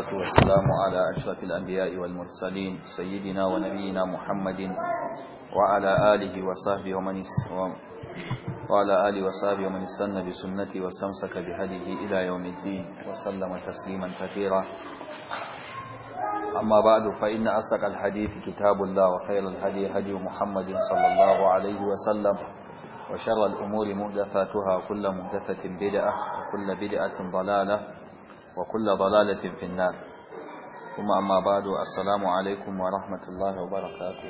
والصلاة والسلام على أشرف الأنبياء والمرسلين سيدنا ونبينا محمد وعلى آله وصحبه ومن وعلى آله وصحبه ومن استنى بسنته واستمسك بهديه إلى يوم الدين وسلم تسليما كثيرا أما بعد فإن أصدق الحديث كتاب الله وخير الهدي هدي محمد صلى الله عليه وسلم وشر الأمور مهدفاتها كل مهدفة بدعة وكل بدعة ضلالة nan. Kuma amma bado, ثم alaikum wa rahmatullahi wa ورحمة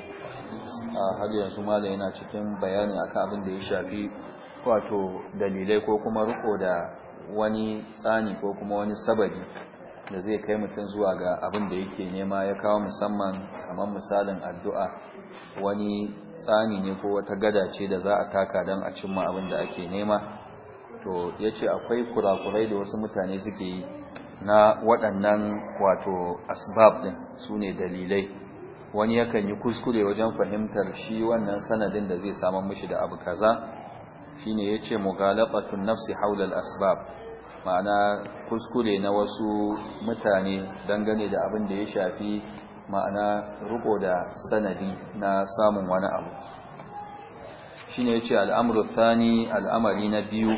A har yanzu ينزم yana cikin bayani akan abin da ya shafi wato dalilai ko kuma riko da wani tsani ko kuma wani sababi da zai kai mutum zuwa ga abin da yake nema ya kawo musamman kamar misalin addu'a wani tsani ne ko wata gada ce da za a taka don a cimma abin da ake nema to ya ce akwai kurakurai da wasu mutane suke yi na waɗannan wato asbab ɗin su ne dalilai wani yakan yi kuskure wajen fahimtar shi wannan sanadin da zai samun mishi da abu kaza shine yace mugalabatun nafsi haular haulal asbab ma'ana kuskure na wasu mutane dangane da abin da ya shafi ma'ana riko da sanadi na samun wani abu shine yace al'amru thani al'amari na biyu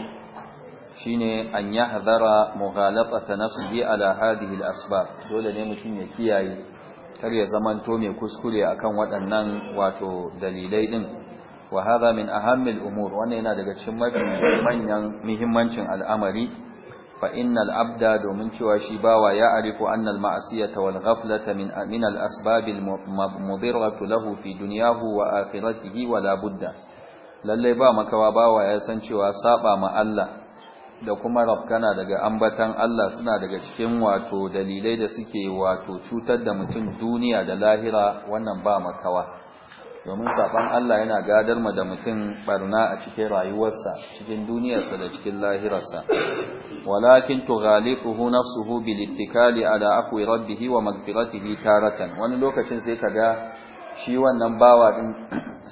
shine an yahdhara mughalabata nafsihi ala hadhihi al-asbab dole ne mutum ya kiyaye kar ya zamanto mai kuskure akan waɗannan wato dalilai din wa hadha min ahammil umur wannan yana daga cikin mafi manyan muhimmancin al'amari fa innal abda domin cewa shi bawa ya arifu annal ma'asiyata wal ghaflata min min al-asbab al-mudirratu lahu fi dunyahu wa akhiratihi wa la budda lalle ba makawa bawa ya san cewa saba ma Allah da kuma rafkana daga ambatan Allah suna daga cikin wato dalilai da suke wato cutar da mutum duniya da lahira wannan ba makawa domin saban Allah yana gadar ma da mutum barna a cikin rayuwarsa cikin duniyarsa da cikin lahirarsa walakin tughalituhu nafsuhu bil ittikali ala aqwi rabbih wa maghfiratihi taratan wani lokacin sai ka ga shi wannan bawa din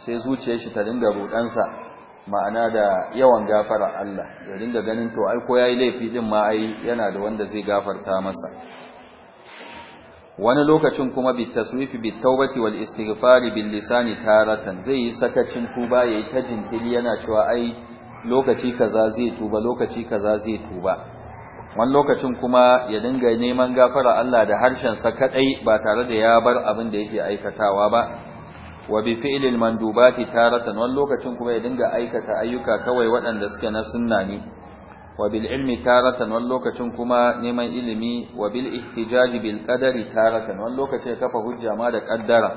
sai zuciyar shi ta dinga rudansa ma'ana da yawan gafara Allah ya dinga ganin to ai ko yayi laifi din ma ai yana da wanda zai gafarta masa wani lokacin kuma bi taswifi bi tawbati wal istighfari bil lisani taratan zai yi sakacin tuba yayi ta jinkiri yana cewa ai lokaci kaza zai tuba lokaci kaza zai tuba wani lokacin kuma ya dinga neman gafara Allah da harshen sa kadai ba tare da ya bar abin da yake aikatawa ba wa bi fi'lil mandubati taratan wani lokacin kuma ya dinga aikata ayyuka kawai waɗanda suke na sunna ne wa bil ilmi taratan wani lokacin kuma neman ilimi wa bil ihtijaji bil qadari taratan wani lokacin kafa hujja ma da kaddara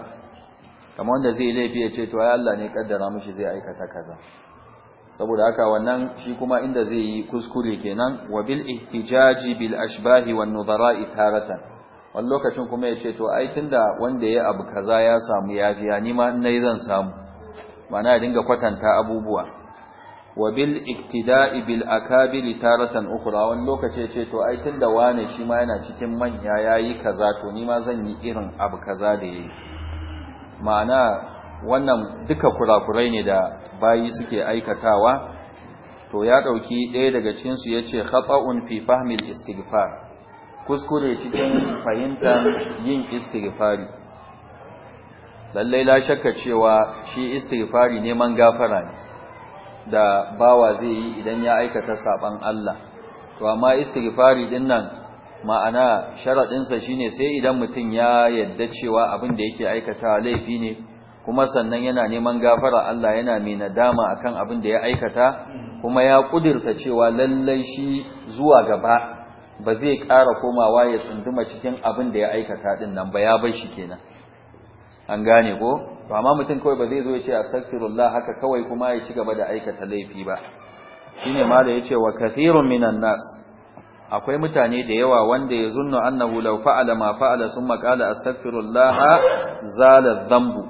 kamar wanda zai laifi ya ce to ai Allah ne kaddara mishi zai aikata kaza saboda haka wannan shi kuma inda zai yi kuskure kenan wa bil ihtijaji bil ashbahi wan nudara'i taratan wani lokacin kuma ya ce to ai da wanda ya abu kaza ya samu yafiya ni ma nayi zan samu mana ya dinga kwatanta abubuwa wa bil iktida'i bil akabili taratan ukhra wani lokaci ya ce to ai tunda wane shi ma yana cikin manya yayi kaza to ni ma zan yi irin abu kaza da yayi ma'ana wannan duka kurakurai ne da bayi suke aikatawa to ya dauki ɗaya daga cikin su yace khata'un fi fahmil istighfar kuskure cikin fahimtar yin istighfari lallai la shakka cewa shi istighfari neman gafara ne da bawa zai yi idan ya aikata saban Allah to amma istighfari din nan ma'ana sharadinsa shine sai idan mutum ya yadda cewa abin da yake aikata laifi ne kuma sannan yana neman gafara Allah yana mai nadama akan abin da ya aikata kuma ya kudirta cewa lallai shi zuwa gaba ba zai ƙara komawa ya tsunduma cikin abin da ya aikata ɗin nan ba ya bashi shi kenan an gane ko to amma mutum kawai ba zai zo ya ce astaghfirullah haka kawai kuma ya ci gaba da aikata laifi ba Shi ne ma da ce wa kathirun minan nas akwai mutane da yawa wanda ya zunnu annahu law fa'ala ma fa'ala summa qala astaghfirullah zala dhanbu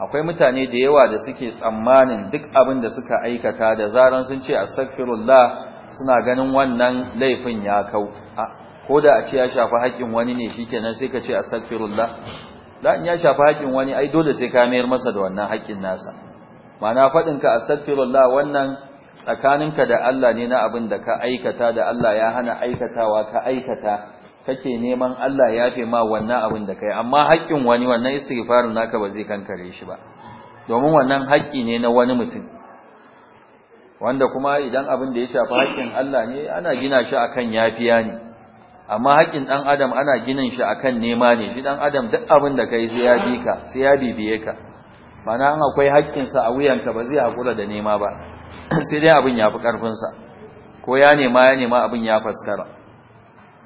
akwai mutane da yawa da suke tsammanin duk abin da suka aikata da zaran sun ce a astaghfirullah suna ganin wannan laifin ya kau ko da a ce ya shafi haƙƙin wani ne shikenan sai ka ce astaghfirullah la in ya shafi haƙƙin wani ai dole sai ka mayar masa da wannan haƙƙin nasa ma'ana faɗin ka astaghfirullah wannan tsakaninka da Allah ne na abin da ka aikata da Allah ya hana aikatawa ka aikata kake neman Allah ya fi ma wannan abin da kai amma haƙƙin wani wannan istighfarin naka ba zai kankare shi ba domin wannan haƙƙi ne na wani mutum wanda kuma idan abin da ya shafi haƙƙin Allah ne ana gina shi akan yafiya ne amma haƙƙin ɗan adam ana ginin shi akan nema ne shi ɗan adam duk abin da kai sai ya bi ka sai ya bibiye ka mana an akwai haƙƙinsa a wuyanka ba zai haƙura da nema ba sai dai abin ya fi ƙarfinsa ko ya nema ya nema abin ya faskara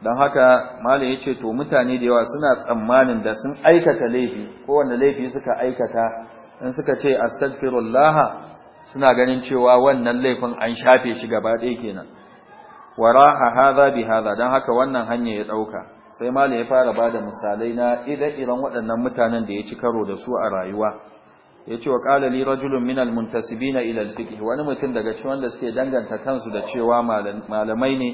don haka malam yace to mutane da yawa suna tsammanin da sun aikata laifi kowane laifi suka aikata in suka ce astaghfirullah suna ganin cewa wannan laifin an shafe shi gaba ɗaya kenan waraha hadha bi hadha dan haka wannan hanya ya dauka sai Malam ya fara bada misalai na idan irin waɗannan mutanen da ya ci karo da su a rayuwa ce wa qala li rajulun min al muntasibin ila al fiqh wani mutum daga cikin wanda suke danganta kansu da cewa malamai ne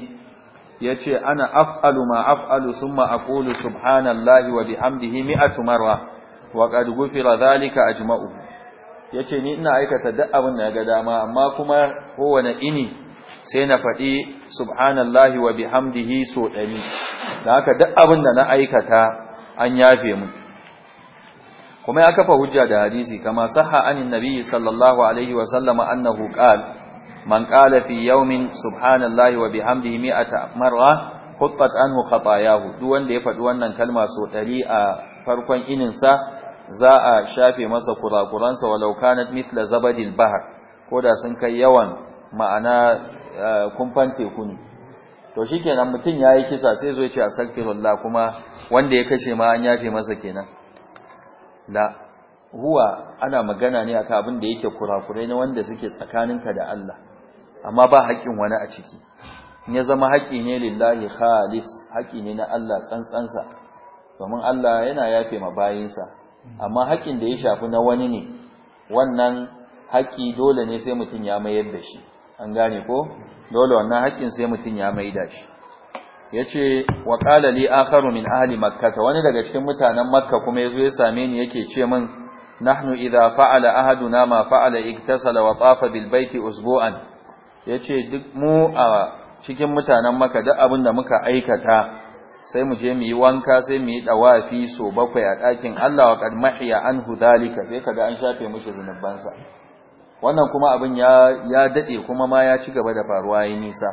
Ya ce ana af'alu ma af'alu summa aqulu subhanallahi wa bihamdihi mi'atu marra wa qad ghufira dhalika ajma'u yace ni ina aikata duk abin da ya ga dama amma kuma kowane ini sai na faɗi subhanallahi wa bihamdihi so ɗari da haka duk abin da na aikata an yafe mu kuma ya kafa hujja da hadisi kama sahha anin nabiyyi sallallahu alaihi wa sallama annahu qala man qala fi yawmin subhanallahi wa bihamdihi mi'ata marra huttat anhu khatayahu duk wanda ya faɗi wannan kalma so ɗari a farkon ininsa za a shafe masa kurakuransa walau kanat mitla zabadil bahar, ko da sun kai yawan ma'ana eh, kumfan teku ne to mutum ya yayi kisa sai zo yace ce astaghfirullah kuma wanda ya kashe ma an yafe masa kenan la huwa ana magana ne akan abin da yake kurakurai na wanda suke tsakaninka da Allah amma ba haƙin wani a ciki ya zama haƙi ne lillahi khalis haƙi ne na Allah tsantsansa domin Allah yana yafe ma bayinsa amma haƙƙin da ya shafi na wani ne wannan haƙƙi dole ne sai mutum ya mayar da shi an gane ko dole wannan haƙƙin sai mutum ya mai da shi Ya ce, wa qala li akharu min ahli makkah wani daga cikin mutanen makka kuma ya zo ya same ni yake ce min nahnu idha fa'ala ahaduna ma fa'ala iktasala wa tafa bil baiti usbu'an yace duk mu a cikin mutanen makka duk abin da muka aikata sai mu je mu yi wanka sai mu yi dawafi so bakwai a ɗakin Allah wa qad mahiya anhu dalika sai kaga an shafe mishi zunubansa wannan kuma abin ya ya dade kuma ma ya ci gaba da faruwa yi nisa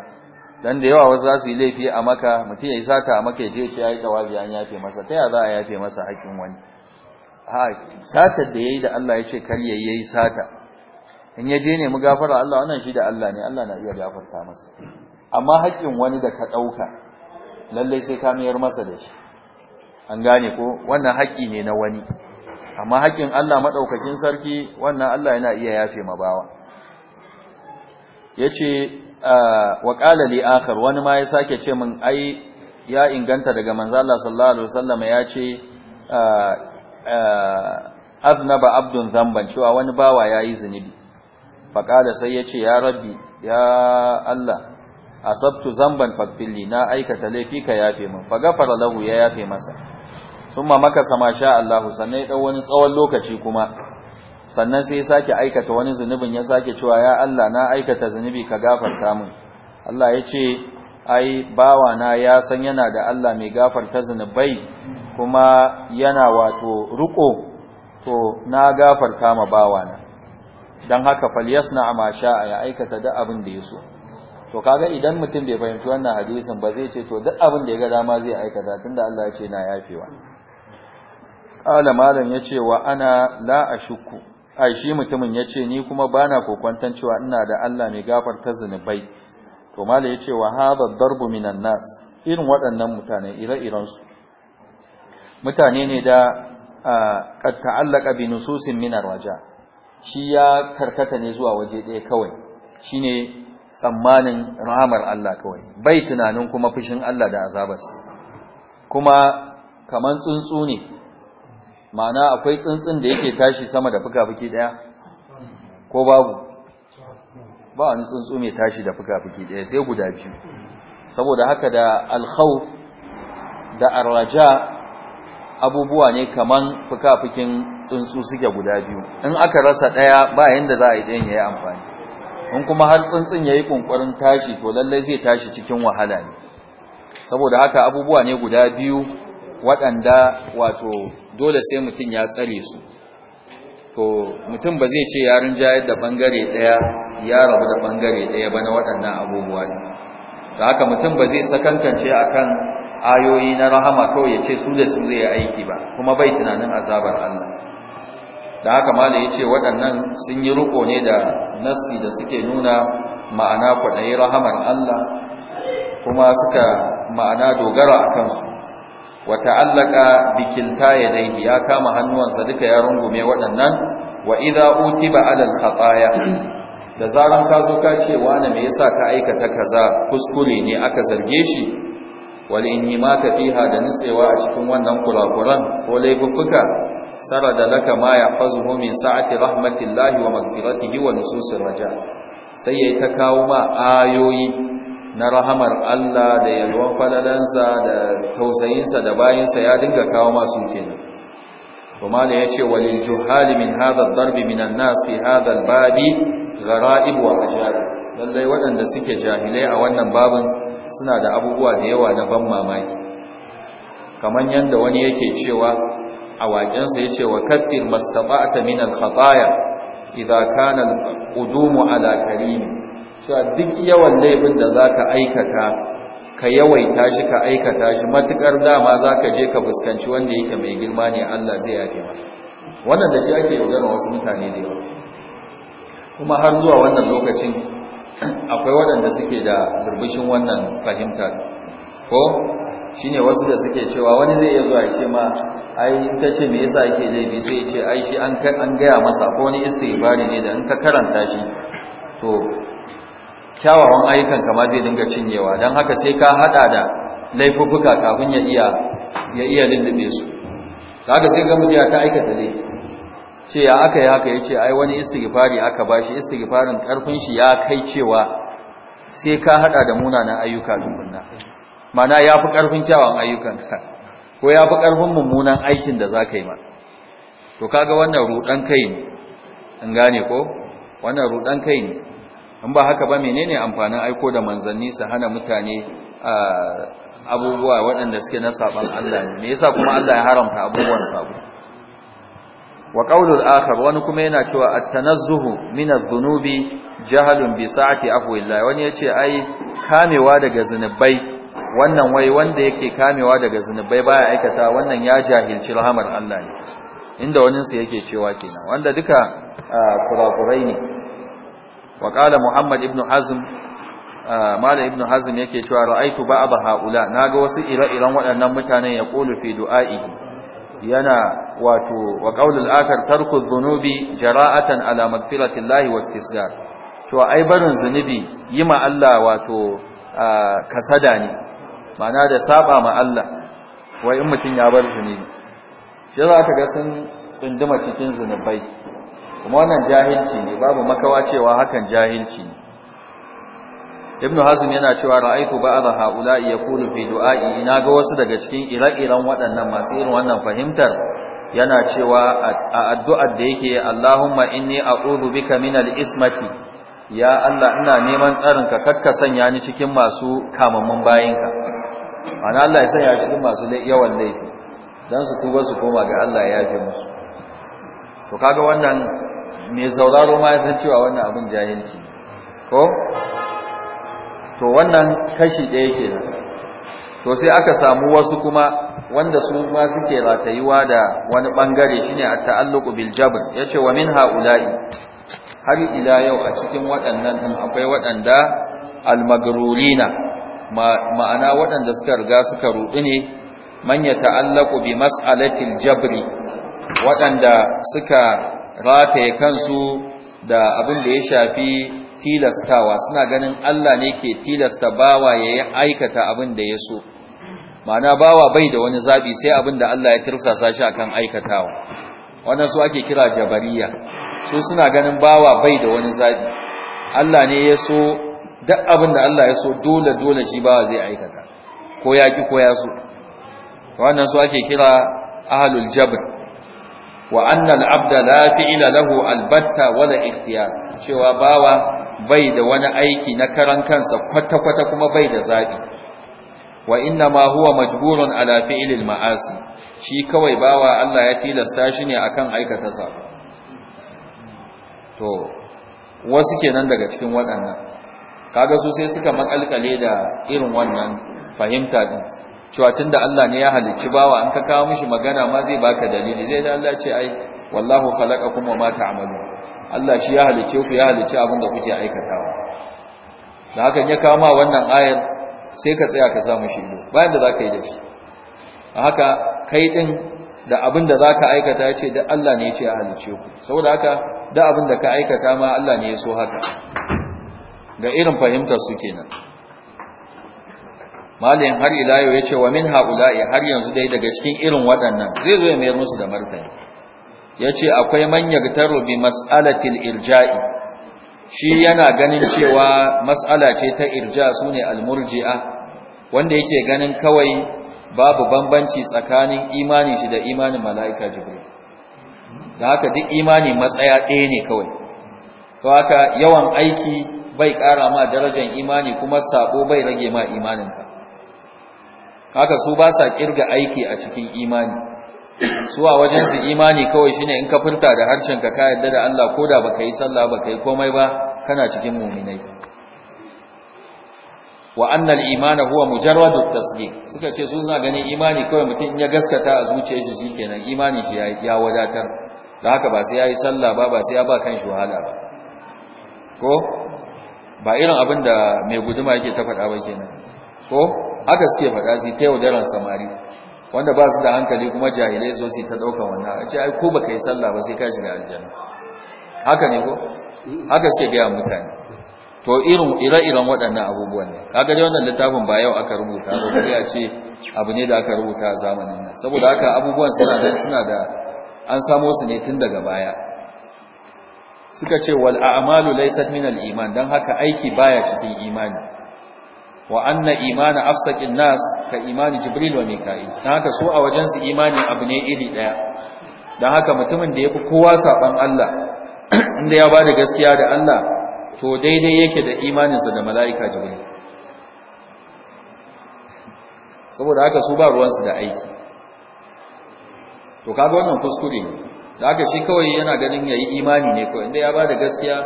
dan da yawa wasu za su yi laifi a maka mutum ya yi saka a maka ya je ya yi dawafi an yafe masa ta ya za a yafe masa hakkin wani ha satar da yayi da Allah ya ce kar yayi yayi sata in ya je ne mu gafara Allah wannan shi da Allah ne Allah na iya gafarta masa amma hakkin wani da ka ɗauka lallai sai ka mayar masa da shi an gane ko wannan haƙi ne na wani amma haƙin Allah madaukakin sarki wannan Allah yana iya yafe ma bawa yace wa qala li akhar wani ma ya sake ce min ai ya inganta daga manzo Allah sallallahu alaihi wasallam ya ce aznaba abdun zamban cewa wani bawa yayi zinubi fa qala sai yace ya rabbi ya Allah asabtu zamban fakfilli na aikata laifi ka yafe min fa gafara lahu ya yafe masa summa maka sama sha Allahu sannan dan wani tsawon lokaci kuma sannan sai ya sake aikata wani zunubin ya sake cewa ya Allah na aikata zunubi ka gafarta min Allah ya ce ai bawa na ya san yana da Allah mai gafarta zunubai kuma yana wato ruko to na gafarta ma bawa na dan haka falyasna ma sha ya aikata da abin da yaso to kaga idan mutum bai fahimci wannan hadisin ba zai ce to duk abin da ya ga dama zai aikata tunda Allah ya ce na yafewa qala malam yace wa ana la ashukku ai shi mutumin yace ni kuma bana kokwantan cewa ina da Allah mai gafarta zunubai to malam yace wa hadha darbu minan nas irin waɗannan mutane ire-iren su mutane ne da qad ta'allaqa bi nususin minar waja shi ya karkata ne zuwa waje ɗaya kawai shine tsammanin rahamar Allah kawai bai tunanin kuma fushin Allah da azabarsa kuma kaman tsuntsu ne ma'ana akwai tsuntsun da yake tashi sama da fuka-fuki daya ko babu ba wani tsuntsu mai tashi da fuka-fuki daya sai guda biyu saboda haka da alhau da arraja abubuwa ne kaman fuka-fukin tsuntsu suke guda biyu in aka rasa ɗaya, ba yadda za a yi ya yi amfani in kuma har tsuntsun yayi kunkurin tashi to lalle zai tashi cikin wahala ne saboda haka abubuwa ne guda biyu waɗanda wato dole sai mutum ya tsare su to mutum ba zai ce ya rinjayar da bangare ɗaya ya rabu da bangare ɗaya ba na waɗannan abubuwa ne da haka mutum ba zai sakankance akan ayoyi na rahama kawai ya ce su da su zai aiki ba kuma bai tunanin azabar Allah da haka da ya ce waɗannan sun yi riko ne da nassi da suke nuna ma'ana kwaɗayi rahamar Allah kuma suka ma'ana dogara a kansu wa ta'allaka bikilta ya daidi ya kama hannuwansa duka ya rungume waɗannan wa uti utiba alal khataya da zaran ka zo ka ce wani me yasa ka aikata kaza kuskure ne aka zarge shi wal inhimaka fiha da nitsewa a cikin wannan kurakuran ko laifuffuka sarada laka ma yahfazuhu min sa'ati rahmatillahi wa maghfiratihi wa nususir raja sai yayi ta kawo ma ayoyi na rahamar Allah da yalwan falalansa da tausayinsa da bayinsa ya dinga kawo masu kenan kuma da yace walil juhali min hadha ad-darb min an-nas fi hadha al-babi gharaib wa ajal lallai waɗanda suke jahilai a wannan babin suna da abubuwa da yawa na ban mamaki kamar yadda wani yake cewa a waƙensa ya ce wa kattir mastaba'ata min al-khataya idza kana al ala karim cewa duk yawan laifin da zaka aikata ka yawaita shi ka aikata shi matukar dama zaka je ka fuskanci wanda yake mai girma ne Allah zai yafe maka wannan da shi ake yaudara wasu mutane da yawa kuma har zuwa wannan lokacin akwai waɗanda suke da burbushin wannan fahimtar ko shine wasu da suke cewa wani zai iya zuwa ce ma ai in ka ce me yasa yake laifi sai ya ce ai shi an gaya masa ko wani istighfari ne da in ka karanta shi to kyawawan ayyukan kama zai dinga cinyewa don haka sai ka hada da laifuffuka kafin ya iya lullube su sai ga mutu ya ka aikata laifi ce ya aka yi haka ya ce ai wani istighfari aka ba shi istighfarin karfin shi ya kai cewa sai ka hada da munanan ayyuka tukunna mana ya fi karfin kyawun ayyukanka ko ya fi karfin mummunan aikin da za ka yi ma to kaga wannan rudan kai ne in gane ko wannan rudan kai ne in ba haka ba menene amfanin aiko da manzanni su hana mutane abubuwa waɗanda suke na sabon Allah ne me yasa kuma Allah ya haramta abubuwan sabo wa qaulul akhar wani kuma yana cewa at-tanazzuhu min adh-dhunubi jahlun bi sa'ati afwillah wani yace ai kamewa daga zinubai wannan wai wanda yake kamewa daga zinubai baya aikata wannan ya jahilci rahmar Allah ne inda wannan sai yake cewa kenan wanda duka kurakurai ne wa qala muhammad ibn hazm mala ibn hazm yake cewa ra'aitu ba'd haula naga wasu ire-iren waɗannan mutanen ya qulu fi du'a'i yana wato wa qaulul akhar tarku dhunubi jara'atan ala llahi wastisgar to ai barin zunubi yi ma Allah wato kasada ne ma'ana da saba ma Allah wai in mutun ya bar zunubi shi za ka ga sun tsunduma cikin zunubai kuma wannan jahilci ne babu makawa cewa hakan jahilci ne ibn hazm yana cewa ra'aytu ba'd haula'i yaqulu fi du'a'i ina ga wasu daga cikin ire-iren waɗannan masu irin wannan fahimtar yana cewa a addu'ar da yake Allahumma inni a'udhu bika minal ismati ya Allah ina neman tsarin ka kakka sanya ni cikin masu kamammun bayinka ana Allah ya sanya cikin masu yawan laifi dan su tuba su koma ga Allah ya yafe musu to kaga wannan mai zauraro ma ya san cewa wannan abin jahilci ko to wannan kashi ɗaya kenan to sai aka samu wasu kuma wanda su ma suke ratayuwa da wani bangare shine at-ta'alluq bil jabr yace wa min ha'ula'i har ila yau a cikin waɗannan din akwai waɗanda al-magrurina ma'ana waɗanda suka riga suka ruɗu ne man yata'allaqu bi mas'alati al jabr waɗanda suka rataye kansu da abin da ya shafi tilastawa suna ganin Allah ne ke tilasta bawa ya aikata abin da ya so ma'ana bawa bai da wani zabi sai abin da Allah ya tirsasa shi akan aikatawa wannan su ake kira jabariya su suna ganin bawa bai da wani zabi Allah ne ya so duk abin da Allah ya so dole dole shi bawa zai aikata ko ya ki ko ya so wannan su ake kira ahlul jabr wa anna al-abda la fi'ila lahu wa wala ikhtiyar cewa bawa bai da wani aiki na karan kansa kwata-kwata kuma bai da zabi wa inna ma huwa majburun ala fi'lil ma'asi shi kawai bawa Allah ya tilasta shi ne akan aikata sabo to wasu kenan daga cikin waɗannan kaga su sai suka makalkale da irin wannan fahimta din cewa tunda Allah ne ya halicci bawa an ka kawo mishi magana ma zai baka dalili zai da Allah ce ai wallahu khalaqakum wa ma ta'malun Allah shi ya halicce ku ya halicci abin da kuke aikatawa da hakan ya kawo ma wannan ayar sai ka tsaya ka samu shi ido bayan da za ka yi da shi a haka kai ɗin da abin da za ka aikata ce da Allah ne ya ce a halice ku saboda haka da abin da ka aikata ma Allah ne ya so haka ga irin fahimtar su kenan malin har ila ya ce wa min haƙula'i har yanzu dai daga cikin irin waɗannan zai zo ya mayar musu da martani ya ce akwai manyan tarobi mas'alatil irja'i shi yana ganin cewa mas'ala ce ta irja sune almurji'a wanda yake ganin kawai babu bambanci tsakanin imani shi da imanin mala'ika jibril da haka duk imani matsaya ɗaya ne kawai to haka yawan aiki bai ƙara ma darajar imani kuma sako bai rage ma imaninka haka su ba sa kirga aiki a cikin imani su a wajen imani kawai shine in ka furta da harshen ka ka yarda da Allah koda baka yi sallah baka yi komai ba kana cikin mu'minai wa annal imana huwa mujarradu tasdiq suka ce su suna ganin imani kawai mutum in ya gaskata a zuciyar shi shikenan imani shi ya wadatar da haka ba sai yayi sallah ba ba sai ya ba kan shi wahala ba ko ba irin abin da mai guduma yake ta faɗa ba kenan ko haka suke faɗa su ta yaudaran samari wanda ba su da hankali kuma jahilai zo su ta daukan wannan a ce ai ko baka yi sallah ba sai ka shiga aljanna haka ne ko haka suke ga mutane to irin ire-iren waɗannan abubuwan ne kaga dai wannan littafin ba yau aka rubuta ba sai a ce abu ne da aka rubuta a zamanin nan saboda haka abubuwan suna da suna da an samo su ne tun daga baya suka ce wal a'malu laysat min al iman dan haka aiki baya cikin imani wa anna imana afsaqin nas ka imani jibril wa mika'il dan haka su a wajen su imani abu ne iri daya dan haka mutumin da yafi kowa saban Allah inda ya bada gaskiya da Allah to daidai yake da imaninsa da mala'ika jibril saboda haka su ba ruwansu da aiki to kaga wannan kuskure ne, da haka shi kawai yana ganin yayi imani ne ko inda ya bada gaskiya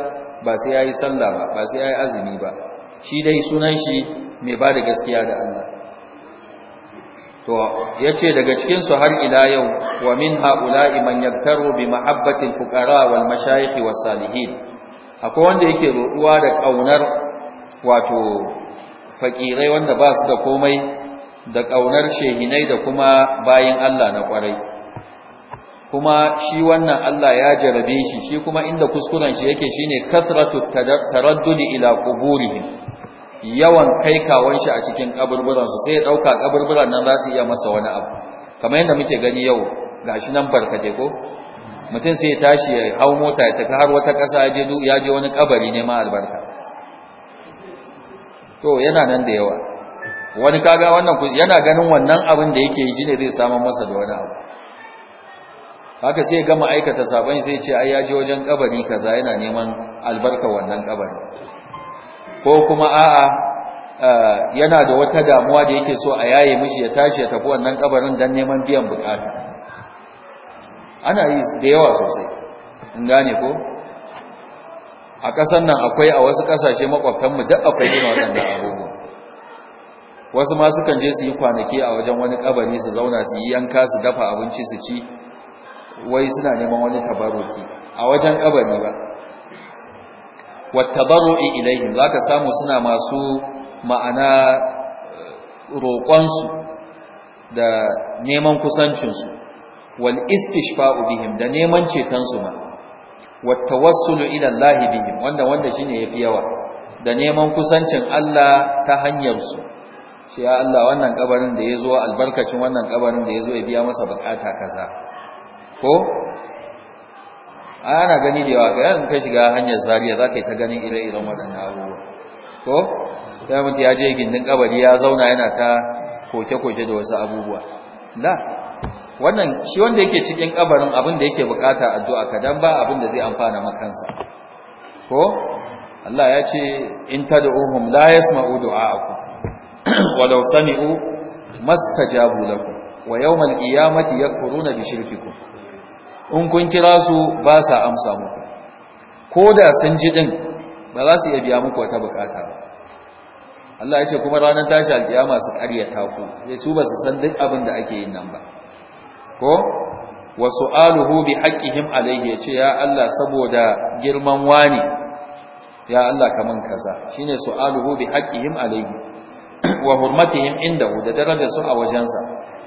ba sai yayi sallah ba ba sai yayi azumi ba shi dai sunan shi mai ba da gaskiya da Allah to yace daga cikin su har ila yau wa min haula'i man yaktaru bi mahabbati fuqara wal mashayikh was salihin akwai wanda yake roduwa da kaunar wato fakirai wanda ba su da komai da kaunar shehinai da kuma bayin Allah na kwarai kuma shi wannan Allah ya jarabe shi shi kuma inda kuskuren shi yake shine kasratu taraddudi ila quburihim yawan kai kawon shi a cikin kaburburan su sai ya dauka kaburburan nan za su iya masa wani abu kamar yadda muke gani yau gashi nan barkate ko mutum sai ya tashi ya hau mota ya tafi har wata ƙasa ya je ya je wani kabari ne ma albarka to yana nan da yawa wani kaga wannan yana ganin wannan abin da yake yi shine zai samu masa da wani abu haka sai gama aikata saban sai ce ai ji wajen kabari kaza yana neman albarka wannan kabari ko kuma a'a yana da wata damuwa da yake so a yaye mishi ya tashi ya tafi wannan kabarin dan neman biyan bukata ana yi da yawa sosai in gane ko a ƙasar nan akwai a wasu ƙasashe makwabtanmu duk akwai irin waɗannan abubu. wasu ma sukan je su yi kwanaki a wajen wani kabari su zauna su yi yanka su dafa abinci su ci wai suna neman wani tabaruki a wajen kabari ba wattabaru'i ilaihim zaka samu suna masu ma'ana eh, roƙonsu da neman kusancinsu wal istishfa'u bihim da neman cetonsu ma wattawassulu ila Allah bihim wanda wanda shine yafi yawa da neman kusancin Allah ta hanyar su ya Allah wannan kabarin da yazo albarkacin wannan kabarin da yazo ya biya masa bukata kaza ko ana gani da yawa ga kai shiga hanyar zariya za ka yi ta ganin ire-iren waɗannan abubuwa ko ya mutu ya je gindin ƙabari ya zauna yana ta koke-koke da wasu abubuwa da wannan shi wanda yake cikin ƙabarin abin da yake bukata addu'a kadan ba abin da zai amfana makansa ko Allah ya ce in tad'uhum la yasma'u du'a'akum walau sami'u mastajabu lakum wa yawmal qiyamati yakfuruna bi shirkikum in kun kira su ba sa amsa muku ko da sun ji din ba za su iya biya muku wata bukata ba Allah ya ce kuma ranar tashi alkiyama su ta ku ya su su san duk abin da ake yin nan ba ko wa su'aluhu bi haqqihim alayhi ya ce ya Allah saboda girman wani ya Allah kaman kaza shine su'aluhu bi haqqihim alayhi wa hurmatihim inda da darajar su a wajensa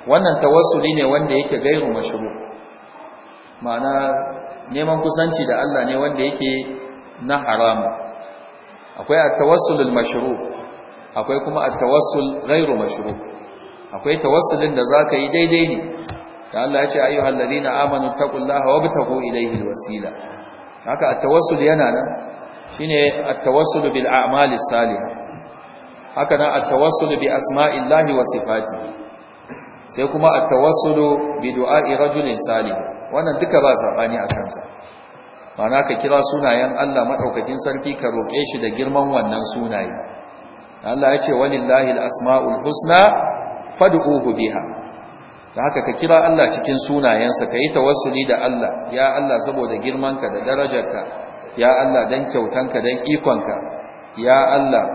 wannan tawassuli ne wanda yake gairu mashru' ma'ana neman kusanci da Allah ne wanda yake na haramu akwai at mashru akwai kuma at ghairu mashru akwai tawassulin da zaka yi daidai ne da Allah ya ce ayyuhal ladina amanu taqullaha wabtagu ilayhi al-wasila haka at-tawassul yana nan shine at-tawassul bil a'mali salihah haka nan at bi asma'illahi wa sifatihi sai kuma at-tawassul bi du'a'i rajulin salih wannan duka ba sabani a kansa mana ka kira sunayen Allah madaukakin sarki ka roke shi da girman wannan sunaye Allah ya ce walillahi al-asmaul husna fad'uhu biha da haka ka kira Allah cikin sunayensa ka yi tawassuli da Allah ya Allah saboda girmanka da darajarka ya Allah dan kyautanka dan ikonka ya Allah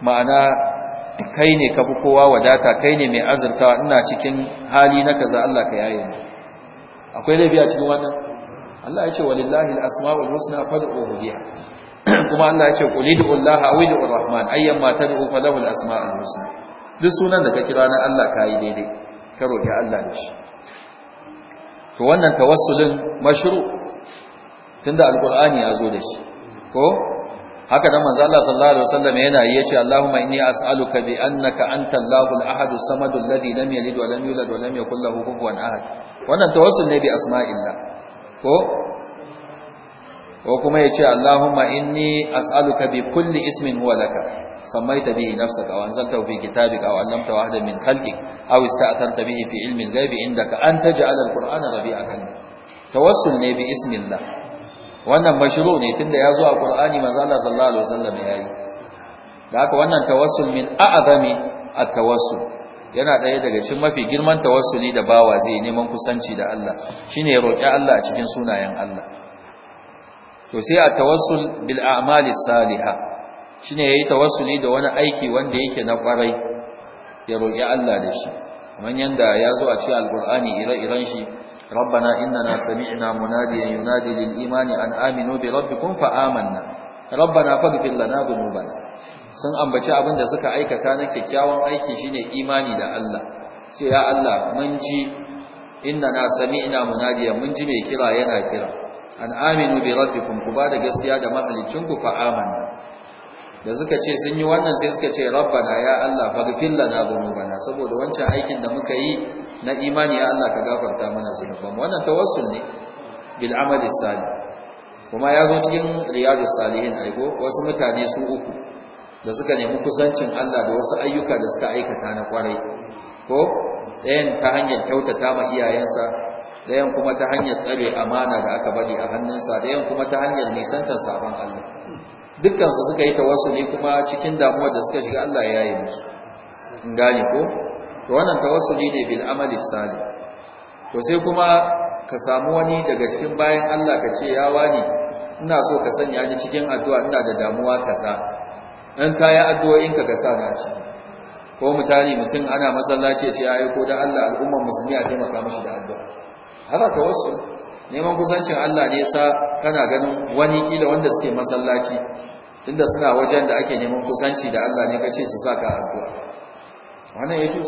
ma'ana kai ne ka fi kowa wadata kai ne mai azurtawa ina cikin hali na kaza Allah ka yaye ni akwai laifi a cikin wannan Allah ya ce walillahi al-asma'ul husna fad'uhu biha kuma Allah ya ce qul id'ullaha aw id'ur rahman ayyan ma tad'u falahu al-asma'ul husna duk sunan da ka kira na Allah kai daidai karo roki Allah da shi to wannan tawassulin mashru tunda alqur'ani ya zo da shi ko haka da manzo Allah sallallahu alaihi wasallam yana yi yace Allahumma inni as'aluka bi annaka antal lahul ahadus samadul ladhi lam yalid wa lam yulad wa lam yakul lahu kufuwan ahad wannan tawassul ne bi asma'illah ko ko kuma yace Allahumma inni as'aluka bi kulli ismin huwa laka sammaita bihi nafsaka aw anzaltahu fi kitabika aw 'allamtahu ahadan min khalqik aw ista'tharta bihi fi ilmi al-ghaib indaka an taj'ala al-qur'ana rabi'a qalbi tawassul ne bi ismillah wannan mashru ne tunda yazo a qur'ani manzo Allah sallallahu alaihi wasallam yayi da haka wannan tawassul min a'zami at-tawassul yana ɗaya daga cikin mafi girman tawassuli da bawa zai neman kusanci da Allah shine ya roki Allah a cikin sunayen Allah to sai a tawassul bil a'mali saliha shine yayi tawassuli da wani aiki wanda yake na kwarai ya roki Allah da shi kamar yanda ya zo a cikin alqur'ani ire-iren shi ربنا إننا سمعنا rabbi ينادي للإيمان أن آمنوا بربكم فآمنا ربنا فاغفر لنا ذنوبنا sun ambaci abin da suka aikata na kyakkyawan aiki shine imani da Allah sai ya Allah mun ji inna na sami'na munadiya mun ji mai kira yana kira an aminu bi rabbikum ku bada gaskiya da mahallicin ku fa amanna da suka ce sun yi wannan sai suka ce rabbana ya Allah faghfir lana dhunubana saboda wancan aikin da muka yi na imani ya Allah ka gafarta mana zunuban wannan tawassul ne bil amali salih kuma ya zo cikin riyadus salihin aigo wasu mutane su uku da suka nemi kusancin Allah da wasu ayyuka da suka aikata na kwarai ko ɗayan ta hanyar kyautata ma iyayensa ɗayan kuma ta hanyar tsare amana da aka bari a hannunsa ɗayan kuma ta hanyar nisantar sabon Allah dukkansu suka yi ta wasu ne kuma cikin damuwar da suka shiga Allah ya yi musu in gane ko to wannan tawassuli ne bil amali salih to sai kuma ka samu wani daga cikin bayan Allah ka ce ya wani ina so ka sanya ni cikin addu'a ina da damuwa kaza Dan kaya addu'o'inka ka sa na ciki ko mutane mutum ana masallaci ce ya ko da Allah al'ummar musulmi a taimaka mashi da addu'a haka ta wasu neman kusancin Allah ne sa kana ganin wani kila wanda suke masallaci tunda suna wajen da ake neman kusanci da Allah ne kace su saka addu'a wannan ya su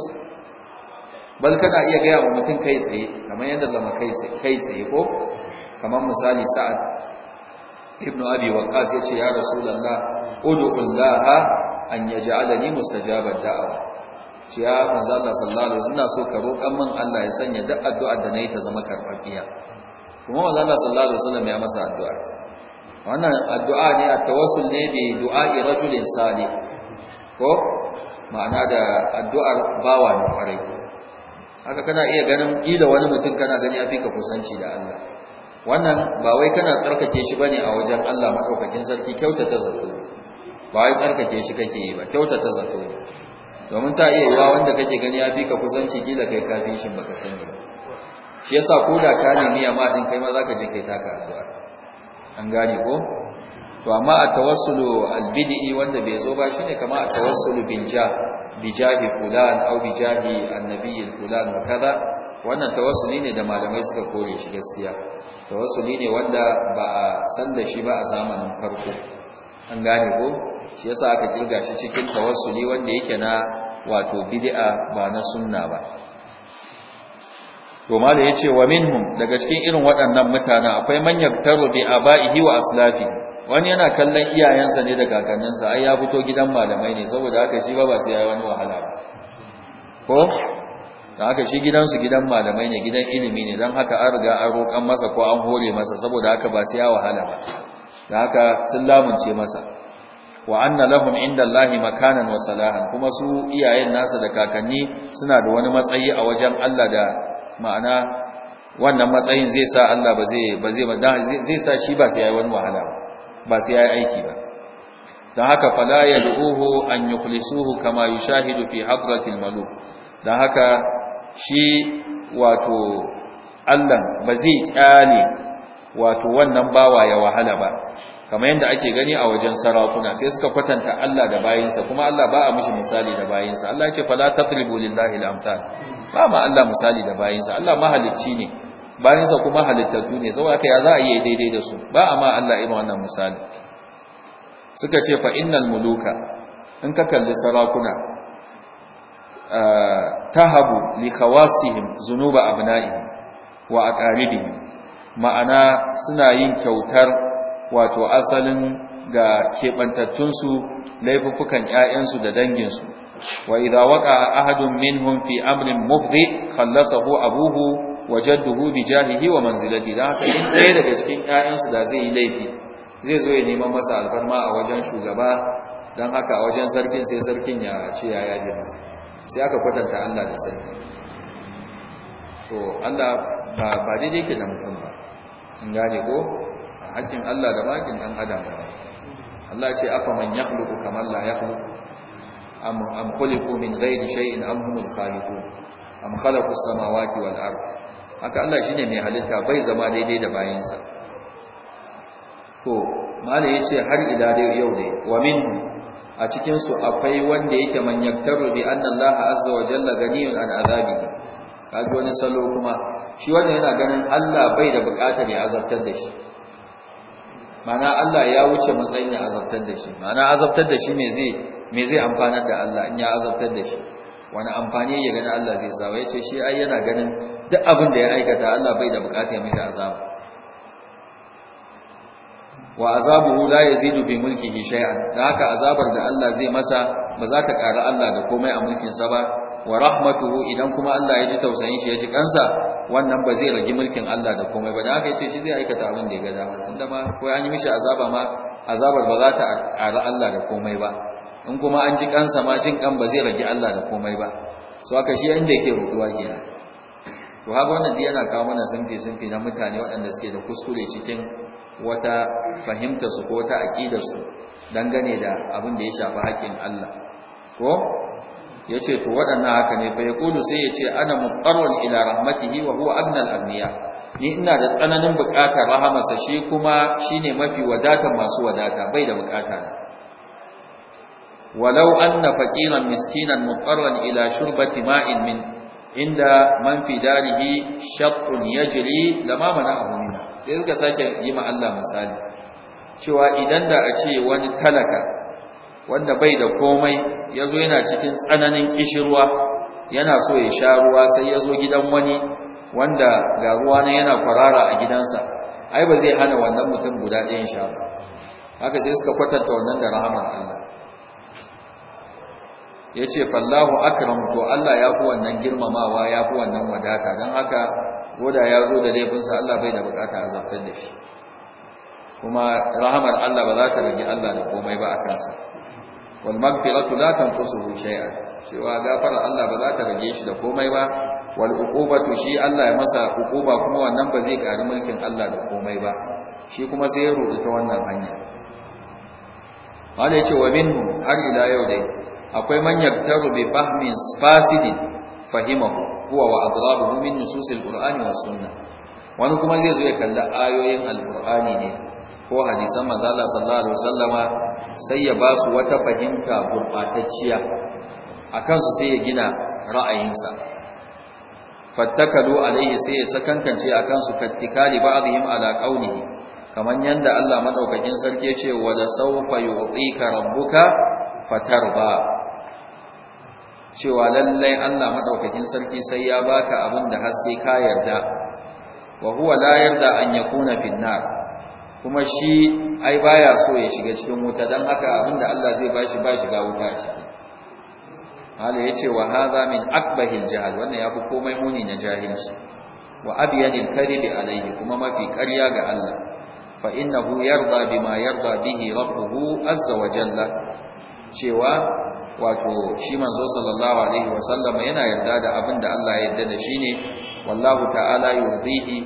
bal kana iya gaya wa mutum kai tsaye kamar yadda zama kai tsaye ko kamar misali sa'ad ibnu abi waqas yace ya rasulullah ud'ullaha an yaj'alani mustajabad da'wa ce ya manzo Allah sallallahu alaihi wasallam so ka roƙan min Allah ya sanya duk addu'ar da nayi ta zama karfafiya kuma manzo Allah sallallahu alaihi wasallam ya masa addu'a wannan addu'a ne a tawassul ne bi du'a'i rajulin salih ko ma'ana da addu'ar bawa na kwarai haka kana iya ganin kila wani mutum kana gani ya fi ka kusanci da Allah wannan ba wai kana tsarkake shi bane a wajen Allah madaukakin sarki kyautata zato ba wai tsarkake shi kake yi ba kyautata zato domin ta iya yiwa wanda kake gani ya fi ka kusanci kila kai ka shi baka sani ba shi yasa ko da ka nemi amma din kai ma zaka je kai taka addu'a an gane ko to amma a tawassulu albidi wanda bai zo ba shine kama a tawassulu binja bijahi fulan au bijahi annabi fulan kaza wannan tawassuli ne da malamai suka kore shi gaskiya tawassuli ne wanda ba a san da shi ba a zamanin farko an gane ko shi yasa aka kirga shi cikin tawassuli wanda yake na wato bid'a ba na sunna ba to malai yace wa minhum daga cikin irin waɗannan mutanen akwai man yaktaru bi abaihi wa aslafi wani yana kallon iyayensa ne da kakanninsa ai ya fito gidan malamai ne saboda haka shi ba ba sai yayi wani wahala ba ko da haka shi gidansu gidan malamai ne gidan ilimi ne don haka an riga an roƙon masa ko an hore masa saboda haka ba su ya wahala ba da haka sun lamunce masa wa anna inda Allah makanan wa salahan kuma su iyayen nasa da kakanni suna da wani matsayi a wajen Allah da ma'ana wannan matsayin zai sa Allah ba zai ba zai sa shi ba sai yayi wani wahala ba ba sai yayi aiki ba dan haka fala Uhu, an yukhlisuhu kama yushahidu fi hadratil maluk dan haka shi wato Allah ba zai kyale wato wannan bawa ya wahala ba kamar yadda ake gani a wajen sarakuna sai suka kwatanta Allah da bayinsa kuma Allah ba a mishi misali da bayinsa Allah ya ce fala taqribu lillahi al-amthal ba ma Allah misali da bayinsa Allah mahalicci ne bayinsa kuma halittatu ne saboda haka ya za a yi daidai da su ba a ma Allah irin wannan misali suka ce fa innal muluka in ka kalli sarakuna tahabu li khawasihim zunuba abna'ihim wa aqaribihim ma'ana suna yin kyautar wato asalin ga su laifukan 'ya'yansu da dangin su wa idza waqa'a ahadun minhum fi amrin mufdi khallasahu abuhu wa jadduhu bi jahihi wa manzilati da haka in sai daga cikin 'ya'yansu da zai yi laifi zai zo ya nemi masa alfarma a wajen shugaba dan haka a wajen sarkin sai sarkin ya ce ya yaje masa sai aka kwatanta Allah da sarki to Allah ba ba daidai ke da mutum ba kin gane ko hakkin Allah da bakin dan adam ba Allah ce afa man yakhluqu kama la yakhluq am am khuliqu min ghairi shay'in am al khaliqun am khalaqu as-samawati wal ard haka Allah shine mai halitta bai zama daidai da bayinsa to malai yace har ila yau ne wa minhu a cikin su akwai wanda yake manyantar bi anna Allah azza wa jalla ganiyun an azabi kaji wani salo kuma shi wanda yana ganin Allah bai da bukatar ya azabtar da shi ma'ana Allah ya wuce matsayin ya azabtar da shi ma'ana azabtar da shi me zai me zai amfanar da Allah in ya azabtar da shi wani amfani ya gani Allah zai sawa ce shi ai yana ganin duk abin da ya aikata Allah bai da bukatar ya mishi azaba wa azabuhu la yazidu bi mulkihi shay'an da haka azabar da Allah zai masa ba za ta ƙara Allah da komai a mulkin sa ba wa rahmatuhu idan kuma Allah ya ji tausayin shi ya ji kansa wannan ba zai rage mulkin Allah da komai ba da haka yace shi zai aikata abin da ya ga dama tunda ma ko an yi mishi azaba ma azabar ba za ta ƙara Allah da komai ba in kuma an ji kansa ma jin kan ba zai rage Allah da komai ba so haka shi inda yake ruduwa kenan to haka wannan dai yana kawo mana sunfi sunfi na mutane waɗanda suke da kuskure cikin wata fahimtarsu ko ta su dangane da abin da ya shafi haƙin Allah ko ya ce to waɗannan haka ne fa ya kudu sai ya ce ana muƙarwar ila rahmatihi wa huwa agnal agniya ni ina da tsananin buƙatar rahamarsa shi kuma shine mafi wadata masu wadata bai da buƙata ne walau anna faqiran miskinan muqarran ila shurbati ma'in min inda man fi darihi shaqqun yajri lama mana minha sai suka sake yi ma Allah misali cewa idan da a ce wani talaka wanda bai da komai yazo yana cikin tsananin kishirwa yana so ya sha ruwa sai yazo gidan wani wanda ga ruwa ne yana kwarara a gidansa ai ba zai hana wannan mutum guda ɗayan sha ba haka sai suka kwatanta wannan da rahaman Allah ya ce fallahu akram to Allah ya fi wannan girmamawa ya fi wannan wadata don haka koda ya zo da laifinsa Allah bai da bukata zartar da shi kuma rahamar Allah ba za ta rage Allah da komai ba a kansa wal maghfiratu la tanqusuhu a cewa gafara Allah ba za ta rage shi da komai ba wal uqubatu shi Allah ya masa uquba kuma wannan ba zai ƙari mulkin Allah da komai ba shi kuma sai ya rubuta wannan hanya Allah ya ce wa minhu har ila yau dai akwai manyan yaktaru bi fahmin fasidin fahimahu huwa wa adrabuhu min nususil qur'ani was sunnah wani kuma zai zo ya kalli ayoyin alqur'ani ne ko hadisan mazala sallallahu alaihi wasallama sai ya ba su wata fahimta gurbatacciya akan su sai ya gina ra'ayinsa fattakalu alaihi sai ya sakankance a kansu kattikali ba'dihim ala qawlihi Kamar yanda Allah madaukakin sarki ya ce ka sawfa yu'tika rabbuka ba. cewa lallai Allah madaukakin sarki sai ya baka abin da har sai ka yarda wa huwa la yarda an yakuna fil nar kuma shi ai baya so ya shiga cikin wuta dan haka abin da Allah zai bashi ba shiga wuta a ciki Allah yace wa hadha min akbahil jahl wannan yafi komai muni na jahilci wa abyanil kadibi alaihi kuma mafi ƙarya ga Allah fa innahu yarda bima yarda bihi rabbuhu azza wa jalla cewa wato shi manzo sallallahu alaihi wasallam yana yarda da abin da Allah ya yarda da shi ne wallahu ta'ala yurdihi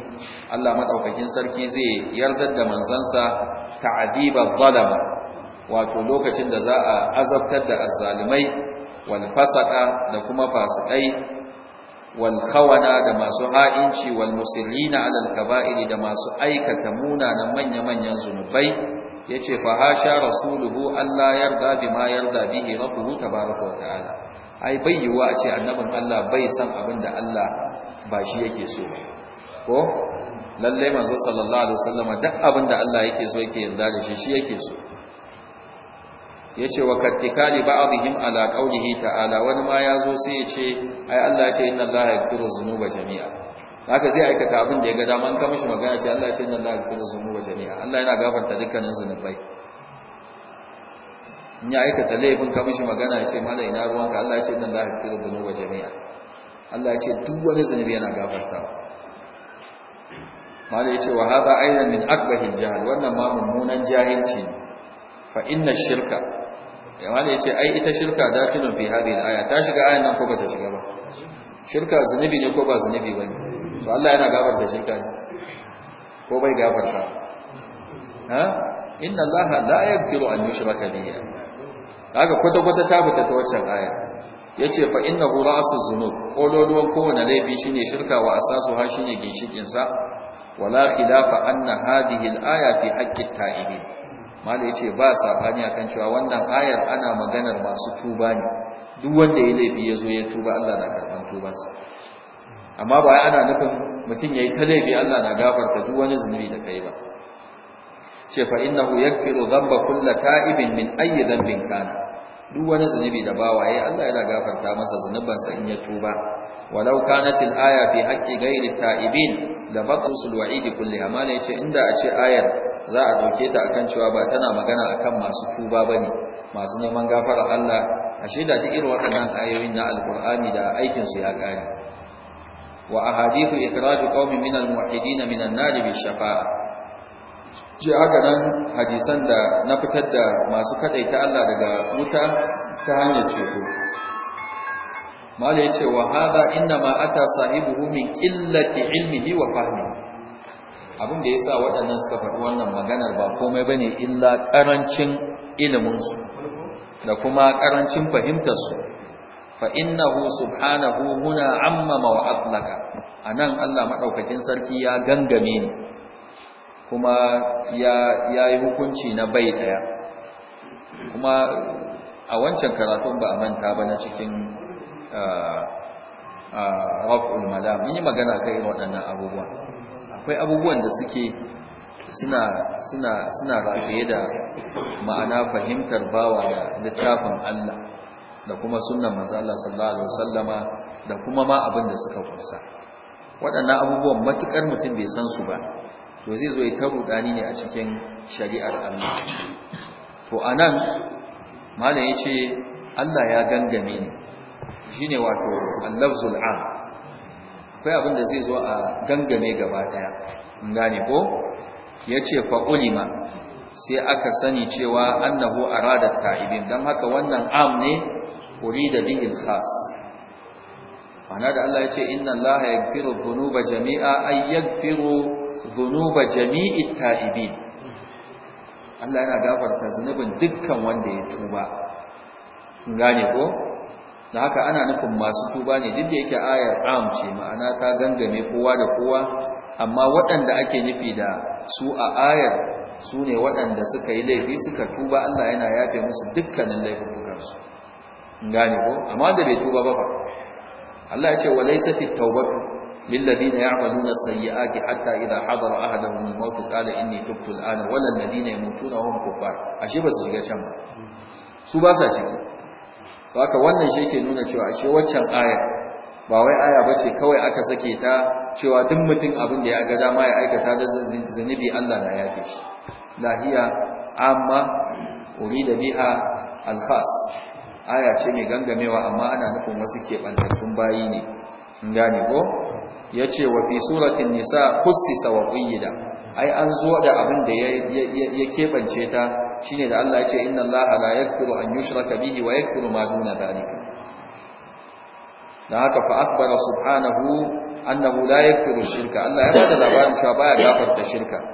Allah madaukakin sarki zai yarda da manzansa ta'diba zalama wato lokacin da za a azabtar da azzalimai wal fasada da kuma fasikai wal khawana da masu ha'inci wal musillina alal kaba'iri da masu aikata munanan manya-manyan zunubai yace fa hasha rasuluhu Allah yarda bima yarda bihi rabbuhu tabaraka wa ta'ala ai bayyuwa a ce annabin Allah bai san abinda Allah ba shi yake so ba ko lalle manzo sallallahu alaihi wasallam duk abinda Allah yake so yake yarda da shi shi yake so yace wa kattikali ba'dihim ala qawlihi ta'ala wani ma ya zo sai yace ai Allah yace inna Allaha yaghfiru dhunuba jami'a haka zai aikata abin da ya ga dama in ka magana ce Allah ya ce inna Allah yaghfiru dhunuba jami'a Allah yana gafarta dukkanin zunubai in ya aikata laifin ka shi magana ya ce mana ina ruwanka Allah ya ce inna Allah yaghfiru dhunuba jami'a Allah ya ce duk wani zunubi yana gafarta mala ya ce wa hada aina min akbahi jihar wannan ma mummunan jahilci ne fa inna shirka mala ya ce ai ita shirka dafilin fi haɗin aya ta shiga ayan nan ko ba ta shiga ba shirka zunubi ne ko ba zunubi ba ne to Allah yana gabarta shi ne ko bai gabarta ha inna Allah la yaghfiru an yushraka bihi kaga kwata kwata ta fita ta waccan aya yace fa innahu ra'su Ko kololuwan kowane laifi shine shirka wa asasu ha shine ginshikin sa wala khilafa anna hadhihi al-aya fi haqqi taibin malai yace ba sabani akan cewa wannan ayar ana maganar masu tuba ne duk wanda ya laifi yazo ya tuba Allah na karban tubansa amma ba ana nufin mutum yayi ta laifi Allah na gafarta duk wani zunubi da kai ba ce fa innahu yaghfiru kulla kulli ta'ibin min ayyi dhanbin kana duk wani zunubi da bawa yayi Allah yana gafarta masa zunubansa in ya tuba walau na aya fi haqqi ghairi ta'ibin la baqsul wa'idi kulli amala yace inda a ce ayar za a dauke ta akan cewa ba tana magana akan masu tuba bane masu neman gafara Allah ashe da duk irin waɗannan ayoyin na alqur'ani da aikin su ya kare wa ahadithu ikhraju qaumin min al-muwahhidin min an-nar bi shafa'a ji haka nan hadisan da na fitar da masu ta Allah daga wuta ta hanyar ceto malai yace wa hada inna ma ata sahibuhu min qillati ilmihi wa fahmi abin da yasa waɗannan suka faɗi wannan maganar ba komai bane illa karancin ilimin su da kuma karancin fahimtar su fa innahu subhanahu muna amma wa A anan Allah madaukakin sarki ya gangame ni kuma ya yi hukunci na bai daya kuma a wancan karatun ba a manta ba na cikin ah, ah, raf'ul mala mun yi magana kai waɗannan abubuwa akwai abubuwan da suke suna suna da ma'ana fahimtar bawa da littafin Allah da kuma sunan manzo Allah sallallahu alaihi wasallama da kuma ma abin da suka kunsa waɗannan abubuwan matukar mutum bai san su ba to zai zo ya ta dani ne a cikin shari'ar Allah to anan malam yace Allah ya gangame ni shine wato al-lafzul am akwai abin da zai zo a gangame gaba daya in gane ko yace fa ulima sai aka sani cewa annahu arada ta'ibin dan haka wannan am ne da bi ilkhas ana da Allah ya ce inna Allah yaghfiru dhunuba jami'a ay yaghfiru dhunuba jami'it ta'ibin Allah yana gafarta zunubin dukkan wanda ya tuba ko da haka ana nufin masu tuba ne duk da yake ayar am ce ma'ana ta gangame kowa da kowa amma waɗanda ake nufi da su a ayar su ne waɗanda suka yi laifi suka tuba Allah yana yafe musu dukkanin laifukansu gane ko amma da bai tuba ba fa Allah ya ce wa laysatit tawbatu lil ladina ya'maluna sayyi'ati hatta idha hadara ahaduhum al-maut qala inni tubtu al-ana lil ladina yamutuna hum kufar ashe ba su shiga can ba su ba sa ciki to haka wannan shi yake nuna cewa ashe waccan aya ba wai aya bace kawai aka sake ta cewa duk mutum abin da ya ga dama ya aikata da zanubi Allah na yafe shi lahiya amma urida biha al-khas aya ce mai gangamewa amma ana nufin wasu keɓantattun bayi ne in gane ko ya ce wa fi suratin nisa kussisa wa ƙuyida ai an zo da abin da ya keɓance ta ne da Allah ya ce inna Allah ya yakfuru an yushraka bihi wa yakfuru ma dalika da haka fa akhbara subhanahu annahu la yakfuru shirka Allah ya bada labarin cewa baya gafarta shirka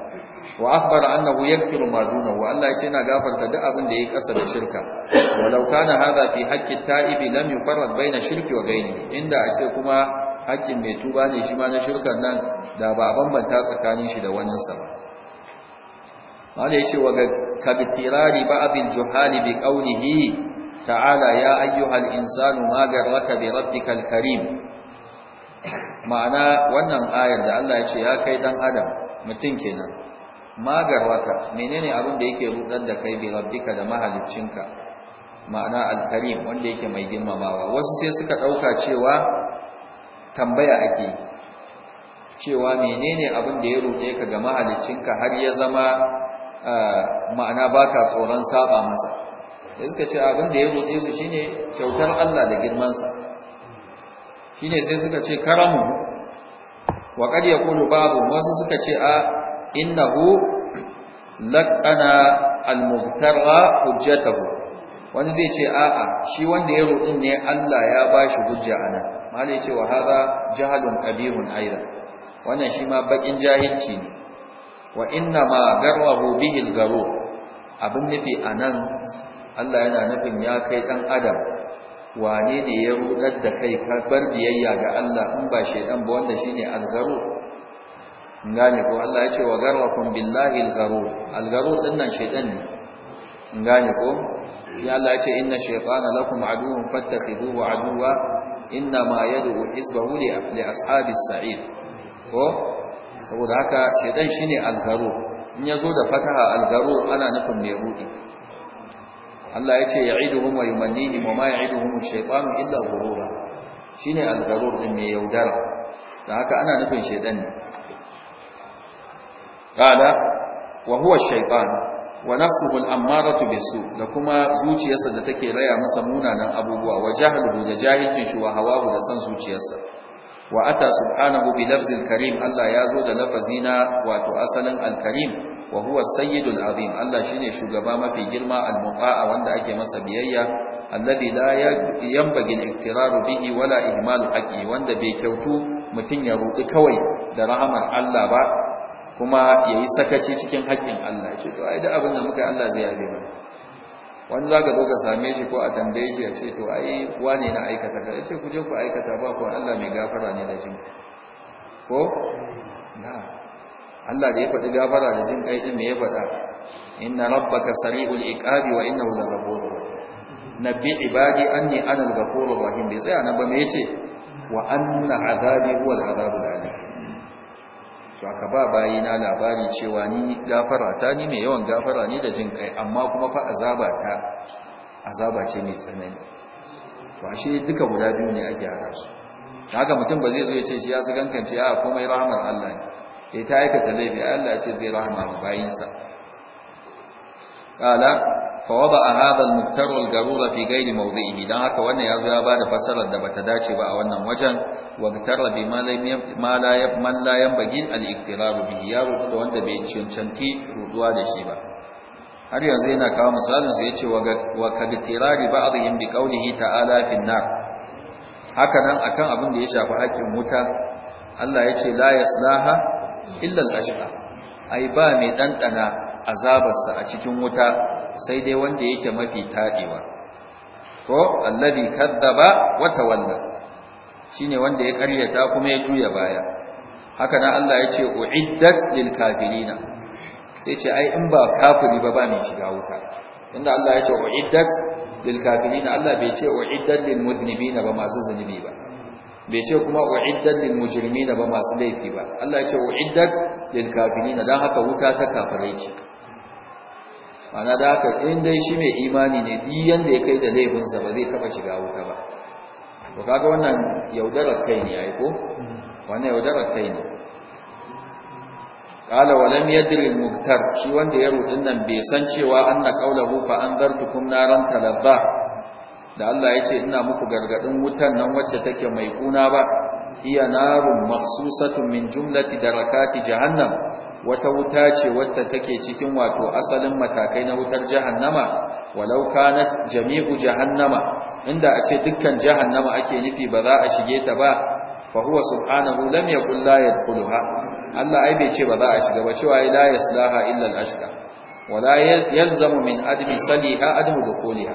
wa akhbara annahu yaghfiru ma dunahu Allah yace yana gafarta duk abin da yake kasa da shirka walau kana hadha fi haqqi ta'ibi lam yufarrad baina shirki wa ghairihi inda a ce kuma haƙƙin mai tuba ne shi ma na shirkan nan da ba a bambanta tsakanin shi da wannan sa ba Allah yace wa kabtirari ba'dil juhali bi qawlihi ta'ala ya ayyuhal insanu ma garraka bi rabbikal karim ma'ana wannan ayar da Allah yace ya kai dan adam mutum kenan magarwaka menene abin da yake rudar da kai bi rabbika da mahaliccinka ma'ana alkarim wanda yake mai girmamawa wasu sai suka dauka cewa tambaya ake cewa menene abin da ya rude ka ga mahaliccinka har ya zama ma'ana baka tsoron saba masa da suka ce abin da ya rude su shine kyautar Allah da girman sa shine sai suka ce karamu wa qad yaqulu ba'dhu wasu suka ce a innahu laqana al-mubtara hujjatahu wani zai ce a'a shi wanda ya rudin ne Allah ya bashi hujja anan mallai ya ce wa hadha jahalun kabirun aida wannan shi ma bakin jahilci ne wa inna ma garwahu bihi al abin nufi anan Allah yana nufin ya kai dan adam wane ne ya rudar da kai ka bar biyayya ga Allah in ba shedan ba wanda shine Algaru? ngane ko Allah ya ce wa garwakum billahi al-gharur al-gharur dinnan shaytan ne ngane ko shi Allah ya ce inna shaytana lakum aduwwun fattakhiduhu aduwwa inna ma yad'u hizbahu li ashabi as sa'id. ko saboda haka shaytan shine al-gharur in yazo da fataha al-gharur ana nufin mai rudi Allah ya ce ya'iduhum wa yumannihim wa ma ya'iduhum ash-shaytanu illa ghurura shine al-gharur din mai yaudara Da haka ana nufin shaytan ne qala wa huwa shaytan wa nafsuhu al-ammaratu bisu da kuma zuciyarsa da take raya masa munanan abubuwa wa jahluhu da jahilcin shi wa hawahu da son zuciyarsa wa ata subhanahu bi karim Allah ya zo da lafazina wato asalin al-karim wa huwa sayyidul azim Allah shine shugaba mafi girma al-muta'a wanda ake masa biyayya alladhi la yanbaghi al-iqtiraru bihi wala ihmalu haqqi wanda bai kyautu mutum ya roƙi kawai da rahamar Allah ba kuma ya yi sakaci cikin haƙƙin Allah ce to ai da abin da muka Allah zai yabe mu wani za ka zo ka same shi ko a tambaye shi ya ce to ai wane na aikata ka ce ku je ku aikata ba ku Allah mai gafara ne da jin ko na Allah da ya faɗi gafara da jin kai din me ya faɗa inna rabbaka sari'ul iqabi wa innahu laghafurur rahim nabbi ibadi anni ana al-ghafurur rahim bai tsaya nan ba me yace wa anna azabi huwa al-azabul alim to aka ba bayina labari cewa ni gafara ta ni mai yawan gafara ni da jin kai amma kuma fa azaba ta azaba ce mai tsanani to ashe duka guda biyu ne ake hada su haka mutum ba zai so ya ce shi ya su gankance ya komai rahmar Allah ne eh ta aikata laifi Allah ya ce zai rahama bayinsa qala fa wada hadha al-muktar al-garura fi ghairi haka wannan ya zo ya bada fasarar da bata dace ba a wannan wajen wa gtarra bi ma la man al bihi ya da wanda bai cancanci ruduwa da shi ba har yanzu yana kawo misalin sai yace wa ka gtirari ba'dihim bi qawlihi ta'ala fi nar haka nan akan abin da ya shafi haƙƙin wuta Allah yace la yaslaha illa al-ashqa ai ba mai dandana azabarsa a cikin wuta sai dai wanda yake mafi taɗewa ko alladhi kaddaba wa tawalla shine wanda ya karyata kuma ya juya baya haka nan Allah ya ce uiddat lil kafirina sai ce ai in ba kafiri ba ba ne shiga wuta tunda Allah ya ce uiddat lil kafirina Allah bai ce uiddat lil mudnibina ba masu zunubi ba bai ce kuma uiddat lil mujrimina ba masu laifi ba Allah ya ce uiddat lil kafirina dan haka wuta ta kafirai ce ana da haka in dai shi mai imani ne duk yanda ya kai da laifinsa ba zai taba shiga wuta ba to kaga wannan yaudarar kai ne ai wannan yaudarar kai ne qala wa lam yadri mubtar shi wanda ya rudin nan bai san cewa anna qawluhu fa anzartukum naran talabba da Allah ya ce ina muku gargadin wutan nan wacce take mai kuna ba Iya narun makhsusatun min jumlati rakati, jahannam wata wuta ce wadda take cikin wato asalin matakai na wutar jahannama walau kanat jami'u jahannama inda ace dukkan jahannama ake nufi ba za a shige ta ba fa huwa subhanahu lam yaqul la yadkhuluha Allah ai bai ce ba za a shiga ba cewa la yaslaha illa al-ashqa wala yalzamu min admi saliha admu dukhuliha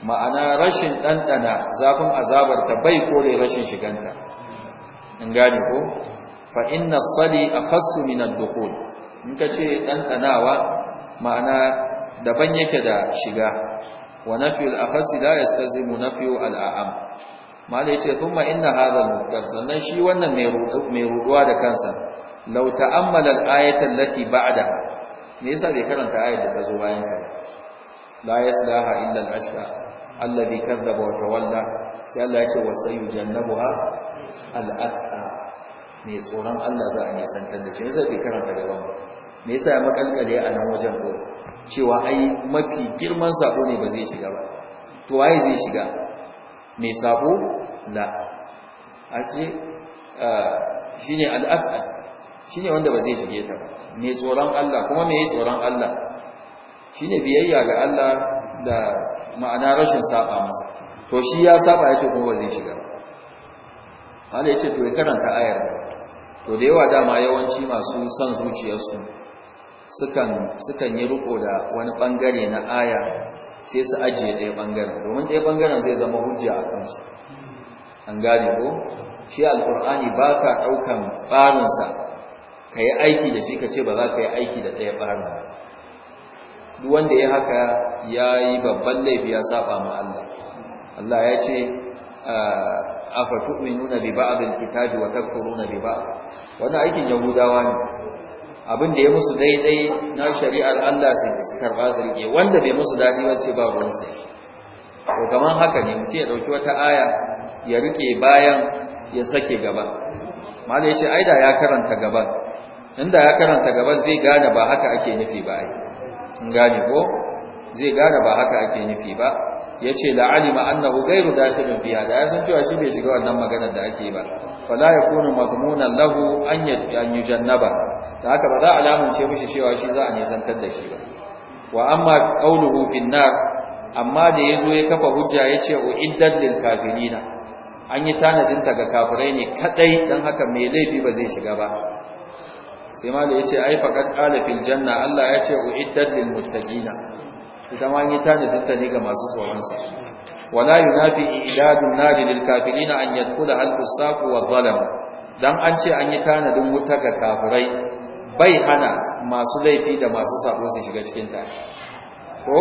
ma'ana rashin dandana zafin azabar ta bai kore rashin shiganta in gane ko fa inna sali akhassu min ad-dukhul in kace dan danawa ma'ana daban yake da shiga wa nafyu al-akhassi la yastazimu nafyu al-a'am mala yace kuma inna hadha al-munkar sannan shi wannan mai rudu mai ruduwa da kansa law ta'ammala al-ayata allati ba'da me yasa bai karanta ayat da ta zo bayan ka la yaslaha illa al-ashqa alladhi kadzaba wa tawalla sai Allah ya ce sai jannabuha jannabuwa atqa ne tsoron Allah za a nisantar da shi ne bai karanta gaban me yasa ya makalkale a nan wajen ko cewa ai mafi girman sako ne ba zai shiga ba to ai zai shiga me sako la a ce shine al shine wanda ba zai shige ta ba me tsoron Allah kuma me tsoron Allah shine biyayya ga Allah da ma'ana rashin saba masa to shi ya saba ya ce kuma ba zai shiga Allah ya ce to ya karanta ayar to da yawa dama yawanci masu son zuciyarsu sukan yi riko da wani bangare na aya sai su ajiye ɗaya bangaren domin ɗaya bangaren zai zama hujja a kansu an gane ko shi alkur'ani ba ka ɗaukan ɓarinsa ka yi aiki da shi ka ce ba za ka yi aiki da ɗaya barin ba duk wanda ya haka ya yi babban laifi ya saba ma Allah Allah ya ce ah, afa tu'minuna bi ba'd al-kitabi wa takfuruna bi ba'd wannan aikin yahudawa ne abin da ya musu daidai na shari'ar Allah sai su karba su rike wanda bai musu dadi ba ce ba ruwan sai to kaman haka ne mutum ya dauki wata aya ya rike bayan ya sake gaba malai yace aida ya karanta gaban inda ya karanta gaban zai gane ba haka ake nufi ba ai in gane ko zai gane ba haka ake nufi ba yace la alima annahu ghayru dakhilin fiya. da ya san cewa shi bai shiga wannan maganar da ake ba fala yakunu madmunan lahu an yujannaba da haka ba za a ce mishi cewa shi za a nisantar da shi ba wa amma qawluhu fin nar amma da yazo ya kafa hujja ya yace u iddat lil kafirina an yi tanadin ta ga kafirai ne kadai dan haka mai laifi ba zai shiga ba sai ma da yace ai faqad qala fil janna Allah ya ce u iddat lil muttaqina ita ma yi tanadin ta ne ga masu tsoronsa wala yunafi idadun nari lil kafirina an yadkhula al qisaq wa zalam dan an ce an yi tanadin wuta ga kafirai bai hana masu laifi da masu sabo su shiga cikin ta ko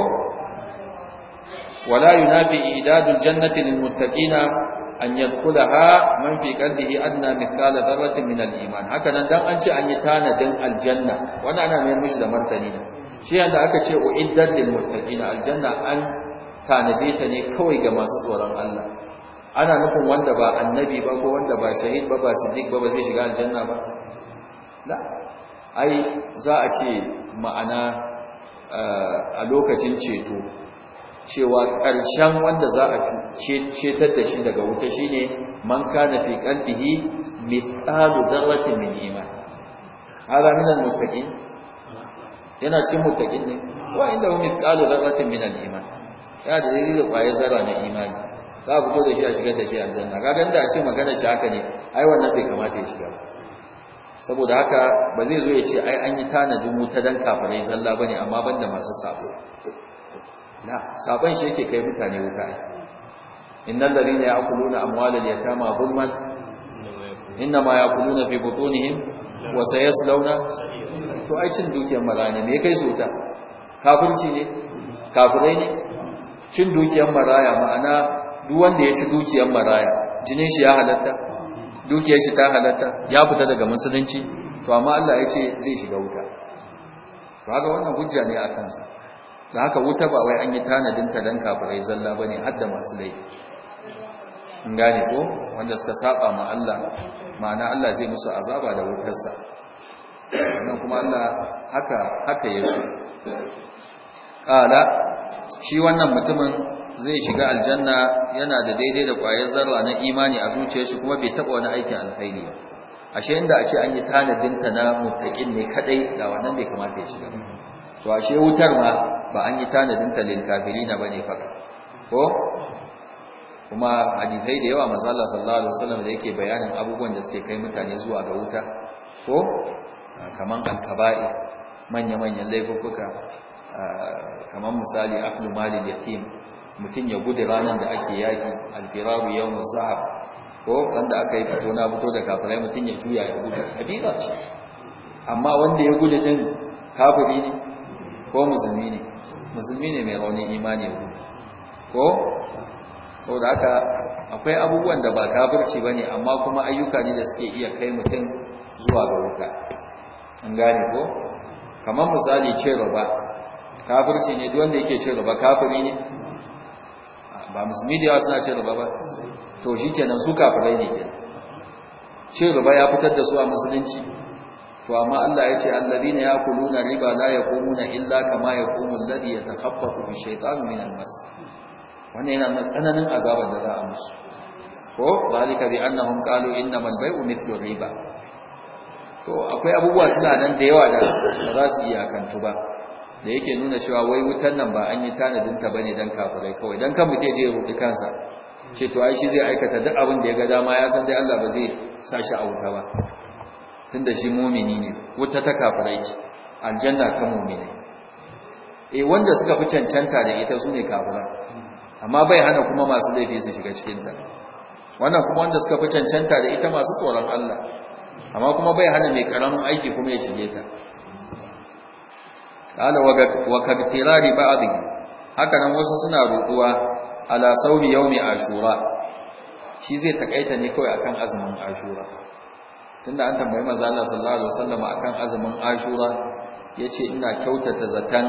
wala yunafi idadul jannati lil muttaqina an yadkhulaha man fi qalbihi adna mithqala dharratin min al iman haka nan dan an ce an yi tanadin aljanna wannan ana mai mishi da martani ne shi yadda aka ce uiddat lil muttaqin aljanna an tanade ta ne kawai ga masu tsoron Allah ana nufin wanda ba annabi ba ko wanda ba shahid ba ba siddiq ba ba zai shiga aljanna ba la ai za a ce ma'ana eh, a lokacin ceto cewa ƙarshen wanda za a cetar da shi daga wuta shine man kana fi qalbihi mithqalu dharratin min iman hada min al yana cikin mutakin ne wa inda hum mithqalu dharratin min al-iman ya da daidai da kwaye zara na imani za a fito da shi a shigar da shi a janna ga dan da a ce magana shi haka ne ai wannan bai kamata ya shiga saboda haka ba zai zo ya ce ai an yi tanadin wuta dan kafirai zalla bane amma banda masu sabo na sabon shi yake kai mutane wuta ai innal ladina ya'kuluna amwalal yatama zulman innama ya'kuluna fi butunihim wa sayaslawna to ai cin dukiyar maza ne me kai su ta kafirci ne kafirai ne cin dukiyar maraya ma'ana duk wanda ya ci dukiyar maraya jinin shi ya halatta dukiyar shi ta halatta ya fita daga musulunci to amma Allah ya ce zai shiga wuta to haka wannan hujja ne a kansa da haka wuta ba wai an yi tanadin ta dan kafirai zalla bane ne, da masu laifi in gane ko wanda suka saba ma Allah ma'ana Allah zai musu azaba da wutarsa wannan kuma Allah haka haka yaso kala shi wannan mutumin zai shiga aljanna yana da daidai da ƙwayar zarra na imani a zuciyar shi kuma bai taɓa wani aikin alkhairi ba ashe inda a ce an yi tanadin ta na mutaƙin ne kadai da wannan bai kamata ya shiga to ashe wutar ma ba an yi tanadin ta lil kafirina bane fa ko kuma hadisai da yawa manzo Allah sallallahu alaihi wasallam da yake bayanin abubuwan da suke kai mutane zuwa ga wuta ko kaman alkaba'i manya-manyan laifuka kaman misali aklu malin yatim mutum ya gudu ranar da ake yaki alfiraru yawmuz zahab ko wanda aka yi fito na fito da kafirai mutum ya juya ya gudu kabila ce amma wanda ya gudu din kafiri ne ko musulmi ne musulmi ne mai raunin imani ko da haka akwai abubuwan da ba kafirci ne amma kuma ayyuka ne da suke iya kai mutum zuwa ga wuta an gane ko kamar misali ce riba kafirci ne duk wanda yake ce riba kafiri ne ba musulmi da yawa suna ce riba ba to shi kenan su kafirai ne kenan ce riba ya fitar da su a musulunci to amma Allah ya ce allazina yaquluna riba la yaqumuna illa kama ya yaqumu alladhi yatakhaffatu ash-shaytanu min al masu. wannan yana nan tsananin azabar da za a musu ko ba zalika bi annahum qalu innamal bay'u mithlu riba to akwai abubuwa suna nan da yawa da ba za su iyakantu ba da yake nuna cewa wai wutan nan ba an yi tanadinta ba bane dan kafirai kawai dan kan mutai je rubi kansa ce to ai shi zai aikata duk abin da ya ga dama ya san dai Allah ba zai sa shi a wuta ba tunda shi mumini ne wuta ta kafirai ce aljanna ta mumini eh wanda suka fi cancanta da ita su ne amma bai hana kuma masu laifi su shiga cikin ta wannan kuma wanda suka fi cancanta da ita masu tsoron Allah amma kuma bai hana mai karamin aiki kuma ya shige ta qala wa kabtirari ba'dhi haka nan wasu suna rukuwa ala sauri yaumi ashura shi zai takaita ne kawai akan azumin ashura tunda an tambayi manzo Allah sallallahu alaihi wasallam akan azumin ashura yace ina kyautata zakan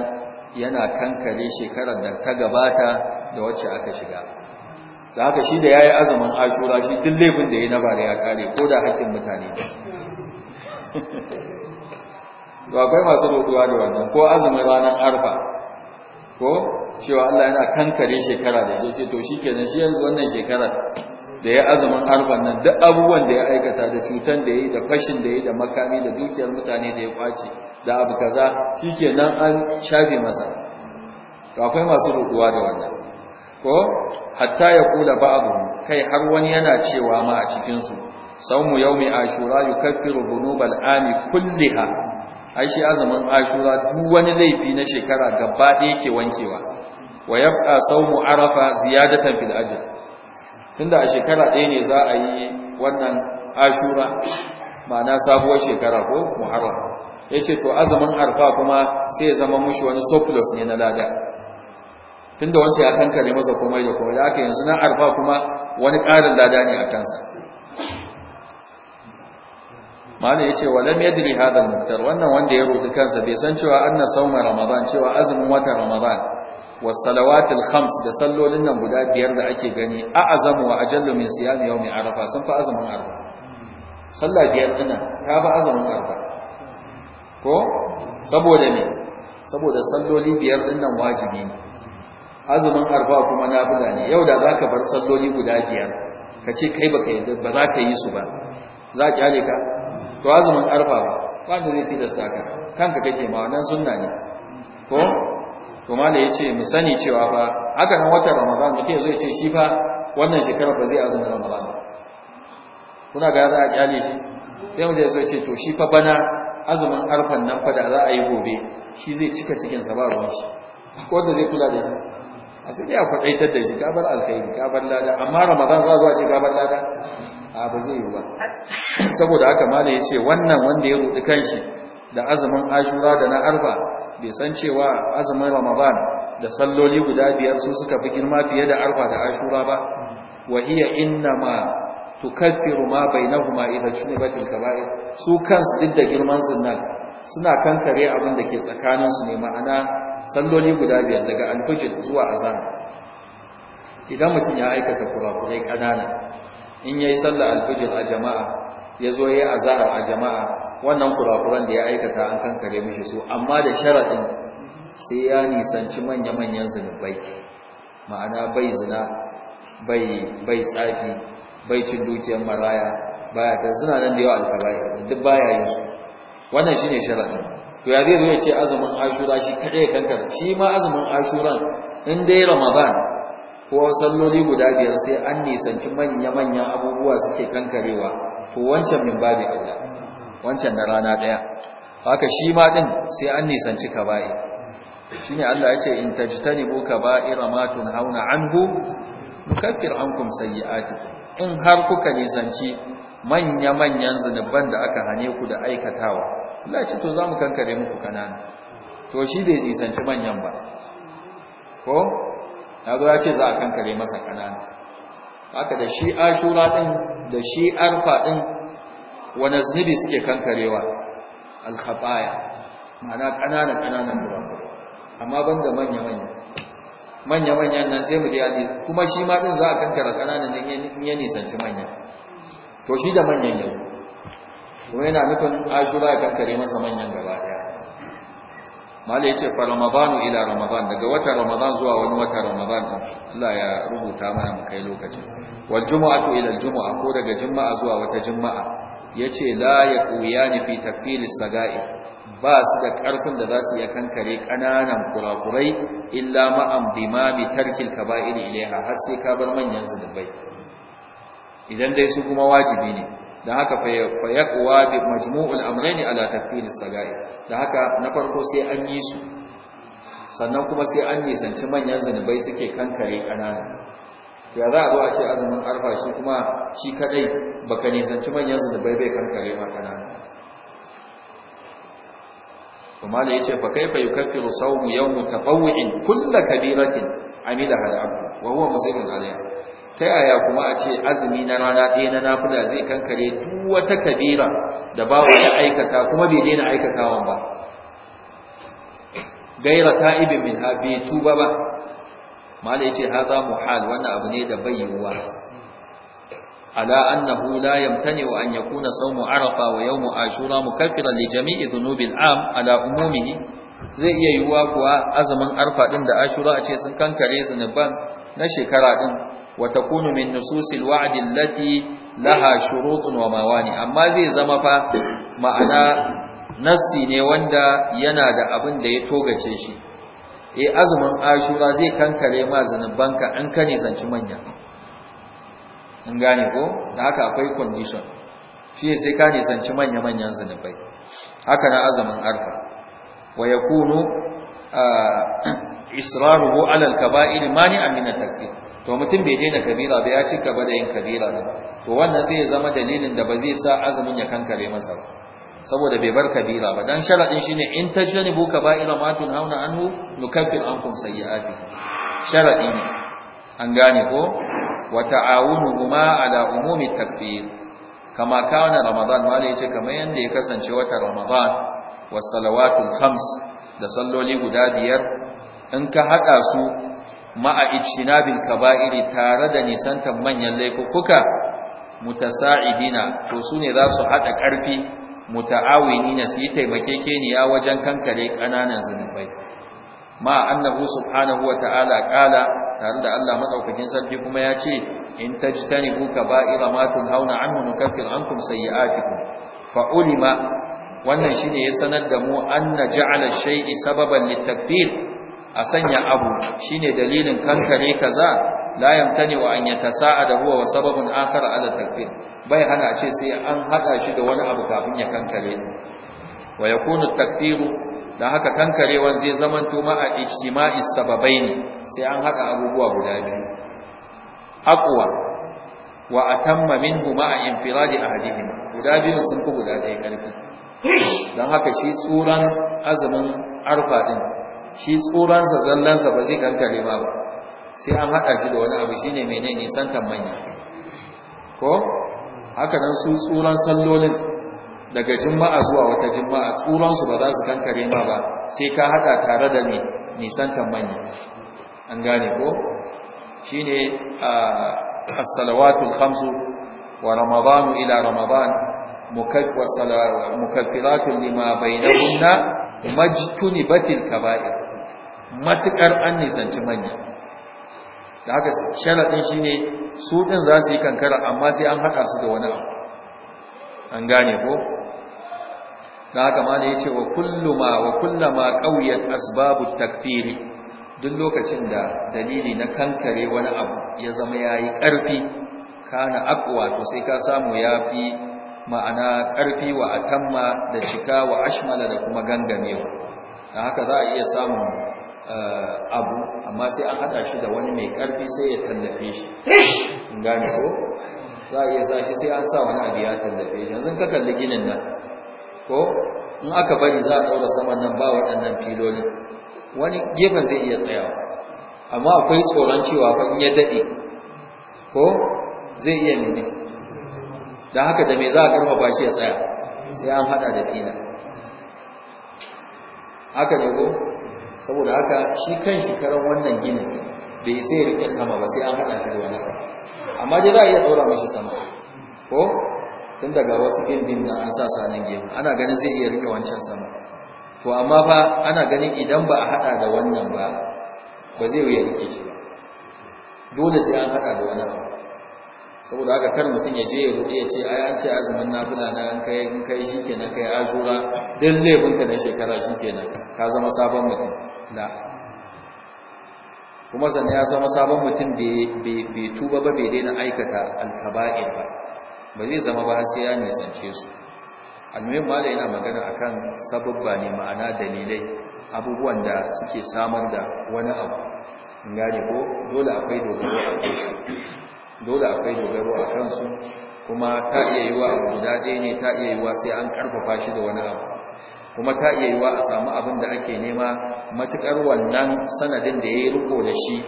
yana kankare shekarar da ta gabata da wacce aka shiga da haka shi da ya yi azumin ashura shi duk laifin da ya yi na bare ya kare ko da haƙƙin mutane ba akwai masu roƙuwa da wannan ko azumin ranar arfa ko cewa Allah yana kankare shekara da shi ce to shi kenan shi yanzu wannan shekarar da ya azumin arfan nan duk abubuwan da ya aikata da cutan da ya yi da fashin da ya yi da makami da dukiyar mutane da ya kwace da abu kaza shikenan an shafe masa to akwai masu rukuwa da wannan ko hatta ya kula ba'du kai har wani yana cewa ma a cikin su saumu yaumi ashura yukaffiru dhunubal ami kulliha ai shi azumin ashura duk wani laifi na shekara gaba ɗaya yake wankewa wa yabqa saumu arafa ziyadatan fil ajr tunda a shekara ɗaya ne za a yi wannan ashura ma'ana sabuwar shekara ko muharram yace to azumin arfa kuma sai ya zama mushi wani surplus ne na lada tunda wancan ya kankare masa komai da komai da aka yanzu na arfa kuma wani ƙarin lada ne a kansa malam yace walam yadri hadha al-muftar wannan wanda ya rubuta kansa bai san cewa an na sauma ramadan cewa azumin watan ramadan wa Salawatul al-khams da sallolin nan guda biyar da ake gani a azamu wa ajallu min yau mai arafa sun fi azumin arfa sallah biyar din ta fi azumin arfa ko saboda ne saboda salloli biyar din nan wajibi ne azumin arfa kuma na buga ne yau da za ka bar salloli guda biyar ka ce kai baka yi ba za ka yi su ba za ki hale ka to azumin arfa ba wanda zai tilasta ka kanka kake ma wannan sunna ne ko to da yace mu sani cewa fa haka nan watan ramadan muke zai ce shi fa wannan shekara ba zai azumin ramadan kuna ga za a kyale shi sai mu zai ce to shi fa bana azumin arfan nan fa da za a yi gobe shi zai cika cikin sa ba ruwan shi ko da zai kula da shi a sai ya kwadaitar da shi ka bar alkhairi ka bar lada amma ramadan za zuwa ce ka bar lada a ba zai yi ba saboda haka malai ya ce wannan wanda ya rudi kanshi da azumin ashura da na arba bai san cewa azumin ramadan da salloli guda biyar su suka fi girma fiye da arba da ashura ba wa hiya ma tukaffiru ma bainahuma ne shunibatil kaba'ir su kansu duk da girman sunna suna kankare abin da ke tsakanin su ne ma'ana salloli guda biyar daga alfijir zuwa azan idan mutum ya aikata kurakurai kanana in yayi sallar alfijir a jama'a ya zo yayi azhar a jama'a wannan kurakuran da ya aikata an kankare mishi su amma da sharaɗin, sai ya nisanci manya-manyan zunubai ma'ana bai zina bai bai tsafi bai cin dukiyar maraya baya ta zina nan da yawa alkaba'i duk baya yin su wannan shine sharadi to ya zai ce azumin ashura shi kadai kankara shi ma azumin ashura in dai ramadan ko salloli guda biyar sai an nisanci manya-manyan abubuwa suke kankarewa to wancan min babi aula wancan na rana daya haka shi ma din sai an nisanci kaba'i shine Allah ya ce in tajtanibu kaba'ira ma tunhauna anhu nukaffir ankum sayyi'atikum in har kuka nisanci manya-manyan zunuban da aka hane ku da aikatawa Allah ce to za mu kankare muku kanana to shi bai zisanci manyan ba ko ya zo ya ce za a kankare masa kanana haka da shi ashura din da shi arfa din wani zunubi suke kankarewa alkhataya ma'ana kanana kananan burakurai amma da manya manya manya manyan nan sai mu je kuma shi ma din za a kankara kanana in ya nisanci manya to shi da manyan yanzu kuma yana nufin ashura ya kankare masa manyan gaba daya malai yace fa ramadan ila ramadan daga watan ramadan zuwa wani watan ramadan Allah ya rubuta mana mu kai lokacin wal jumu'atu ila jumu'a ko daga juma'a zuwa wata juma'a yace la quyani fi takfilis saga'i ba su da ƙarfin da za su iya kankare ƙananan kurakurai illa ma'am bi tarkil kaba'ir ilaiha har sai ka bar manyan zunubai idan dai su kuma wajibi ne da haka fa yaqwa bi majmu'ul amrayn ala as sagair da haka na farko sai an yi su sannan kuma sai an nisanci manyan zanubai suke kankare kanana ya za a zo a ce azumin arfa shi kuma shi kadai baka nisanci manyan zanubai bai kankare ma kanana kuma da yace fa kaifa yukaffiru sawmu yawm tatawwu'in kullu kabiratin amila hal abdu wa huwa musibun alayha ta yaya kuma a ce azumi na rana ɗaya na nafila zai kankare duk wata kabira da wa ya aikata kuma bai daina aikatawan ba gaira ta ibin min ha bai tuba ba mala za mu muhal wannan abu ne da bai yiwuwa ala annahu la yamtani wa an yakuna sawmu arafa wa yawmu ashura mukaffiran li jami'i dhunubil am ala umumihi zai iya yiwuwa kuwa azumin arfa ɗin da ashura a ce sun kankare zunuban na shekara din وتكون من نصوص الوعد التي لها شروط وموانع amma zai zama fa ma'ana nassi ne wanda yana da abin da ya togace shi eh azumin ashura zai kankare ma zanubanka an kane zanci manya an gane ko da haka akwai condition shi sai ka ne zanci manya manyan zanubai haka na azumin arfa wa yakunu israruhu ala al-kaba'ir mani'an min at-takfir to mutum bai daina kabira ba ya cika ba da yin kabira ba, to wannan sai ya zama dalilin da ba zai sa azumin ya kankare masa ba saboda bai bar kabira ba dan sharadin shine in tajanibu kaba'ira ma tunhauna anhu nukaffir ankum sayyi'atikum sharadi ne an gane ko wa ta'awunuhuma ala umumi takfir kama kana ramadan ma yace kamar yanda ya kasance wata ramadan was salawatul khams da salloli guda biyar in ka hada su ma'a ijtinabil kaba'iri tare da nisantar manyan laifuka mutasa'idina to sune za su hada karfi muta'awinina su yi taimakekeniya wajen kankare kananan zunubai ma annahu subhanahu wa ta'ala tare da Allah madaukakin sarki kuma ya ce in tajtanibu kaba'ira ma tunhauna anhu nukaffir ankum sayyi'atikum fa ulima wannan shine ya sanar da mu anna ja'ala shay'i sababan litakfir a sanya abu shine dalilin kankare kaza la yamtani wa an yatasa'ada huwa wa sababun akhar ala takfir bai hana ce sai an hada shi da wani abu kafin ya kankare wa yakunu takfiru Da haka kankarewan zai zamanto ma a ijtima'i sababain sai an hada abubuwa guda biyu aqwa wa atamma minhu ma infiradi ahadihim guda biyu sun ku guda ɗaya karfi dan haka shi tsuran azumin arfa din shi tsuransa zallansa ba zai kankare ma ba sai an haɗa shi da wani abu shine mene nisan kan manya ko haka nan su tsuran sallolin daga jima'a zuwa wata jima'a tsuransu ba za su kankare ma ba sai ka haɗa tare da ni nisan kan manya an gane ko shine a salawatul khamsu wa ramadanu ila ramadan mukaffiratun lima bainahunna majtunibatil kaba'ir matukar an nisanci manya da haka sharaɗin shi ne su ɗin za su yi kankara amma sai an haɗa su da wani abu an gane ko da haka ma ya ce wa kulluma wa kullama ƙauyen asbabu takfiri duk lokacin da dalili na kankare wani abu ya zama ya yi ƙarfi kana akwa to sai ka samu ya fi ma'ana ƙarfi wa atamma da cika wa ashmala da kuma gangamewa da haka za a iya samun Eh, abu amma sai an hada shi da wani mai karfi sai ya tallafe shi in ko za a iya sa shi sai an sa wani abu ya tallafe shi yanzu ka kalli ginin nan ko in aka bari za a daura saman nan ba waɗannan filolin wani gefen zai iya tsayawa amma akwai tsoron cewa fa in ya daɗe? ko zai iya mene don haka da me za a karfafa shi ya tsaya sai an hada da filin haka ne ko saboda haka shi kan shi karan wannan ginin bai isa ya rike sama ba sai an haɗa shi da wani abu amma dai za a iya ɗora mashi sama ko tun daga wasu bindin da an sa su nan gini ana ganin zai iya rike wancan sama to amma fa ana ganin idan ba a haɗa da wannan ba ba zai wuya rike shi ba dole sai an haɗa da wani abu saboda haka kar mutum ya je ya ruɗe ya ce ai an ce azumin nafila na an kai in kai shikenan kai ajura duk ka na shekara shikenan ka zama sabon mutum la kuma sannan ya zama sabon mutum bai tuba ba bai daina aikata alkaba'ir ba ba zai zama ba sai ya nisance su almuhim mala yana magana akan sababba ne ma'ana dalilai abubuwan da suke samar da wani abu in ko dole akwai dogaro a kai dole akwai dogaro a kansu kuma ta iya wa abu guda ɗaya ne ta iya yi wa sai an ƙarfafa shi da wani abu kuma ta iya yi wa a samu abin da ake nema matuƙar wannan sanadin da ya yi riko da shi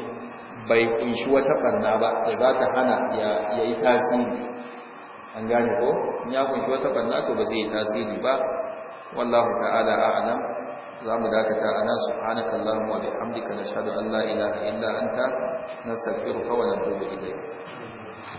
bai kunshi wata ɓarna ba da za ta hana ya yi tasiri an gane ko in ya kunshi wata ɓarna to ba zai yi tasiri ba wallahu ta'ala a'lam za mu dakata a nan subhanakallahumma wa bihamdika nashhadu an la ilaha illa anta nastaghfiruka wa natubu ilayk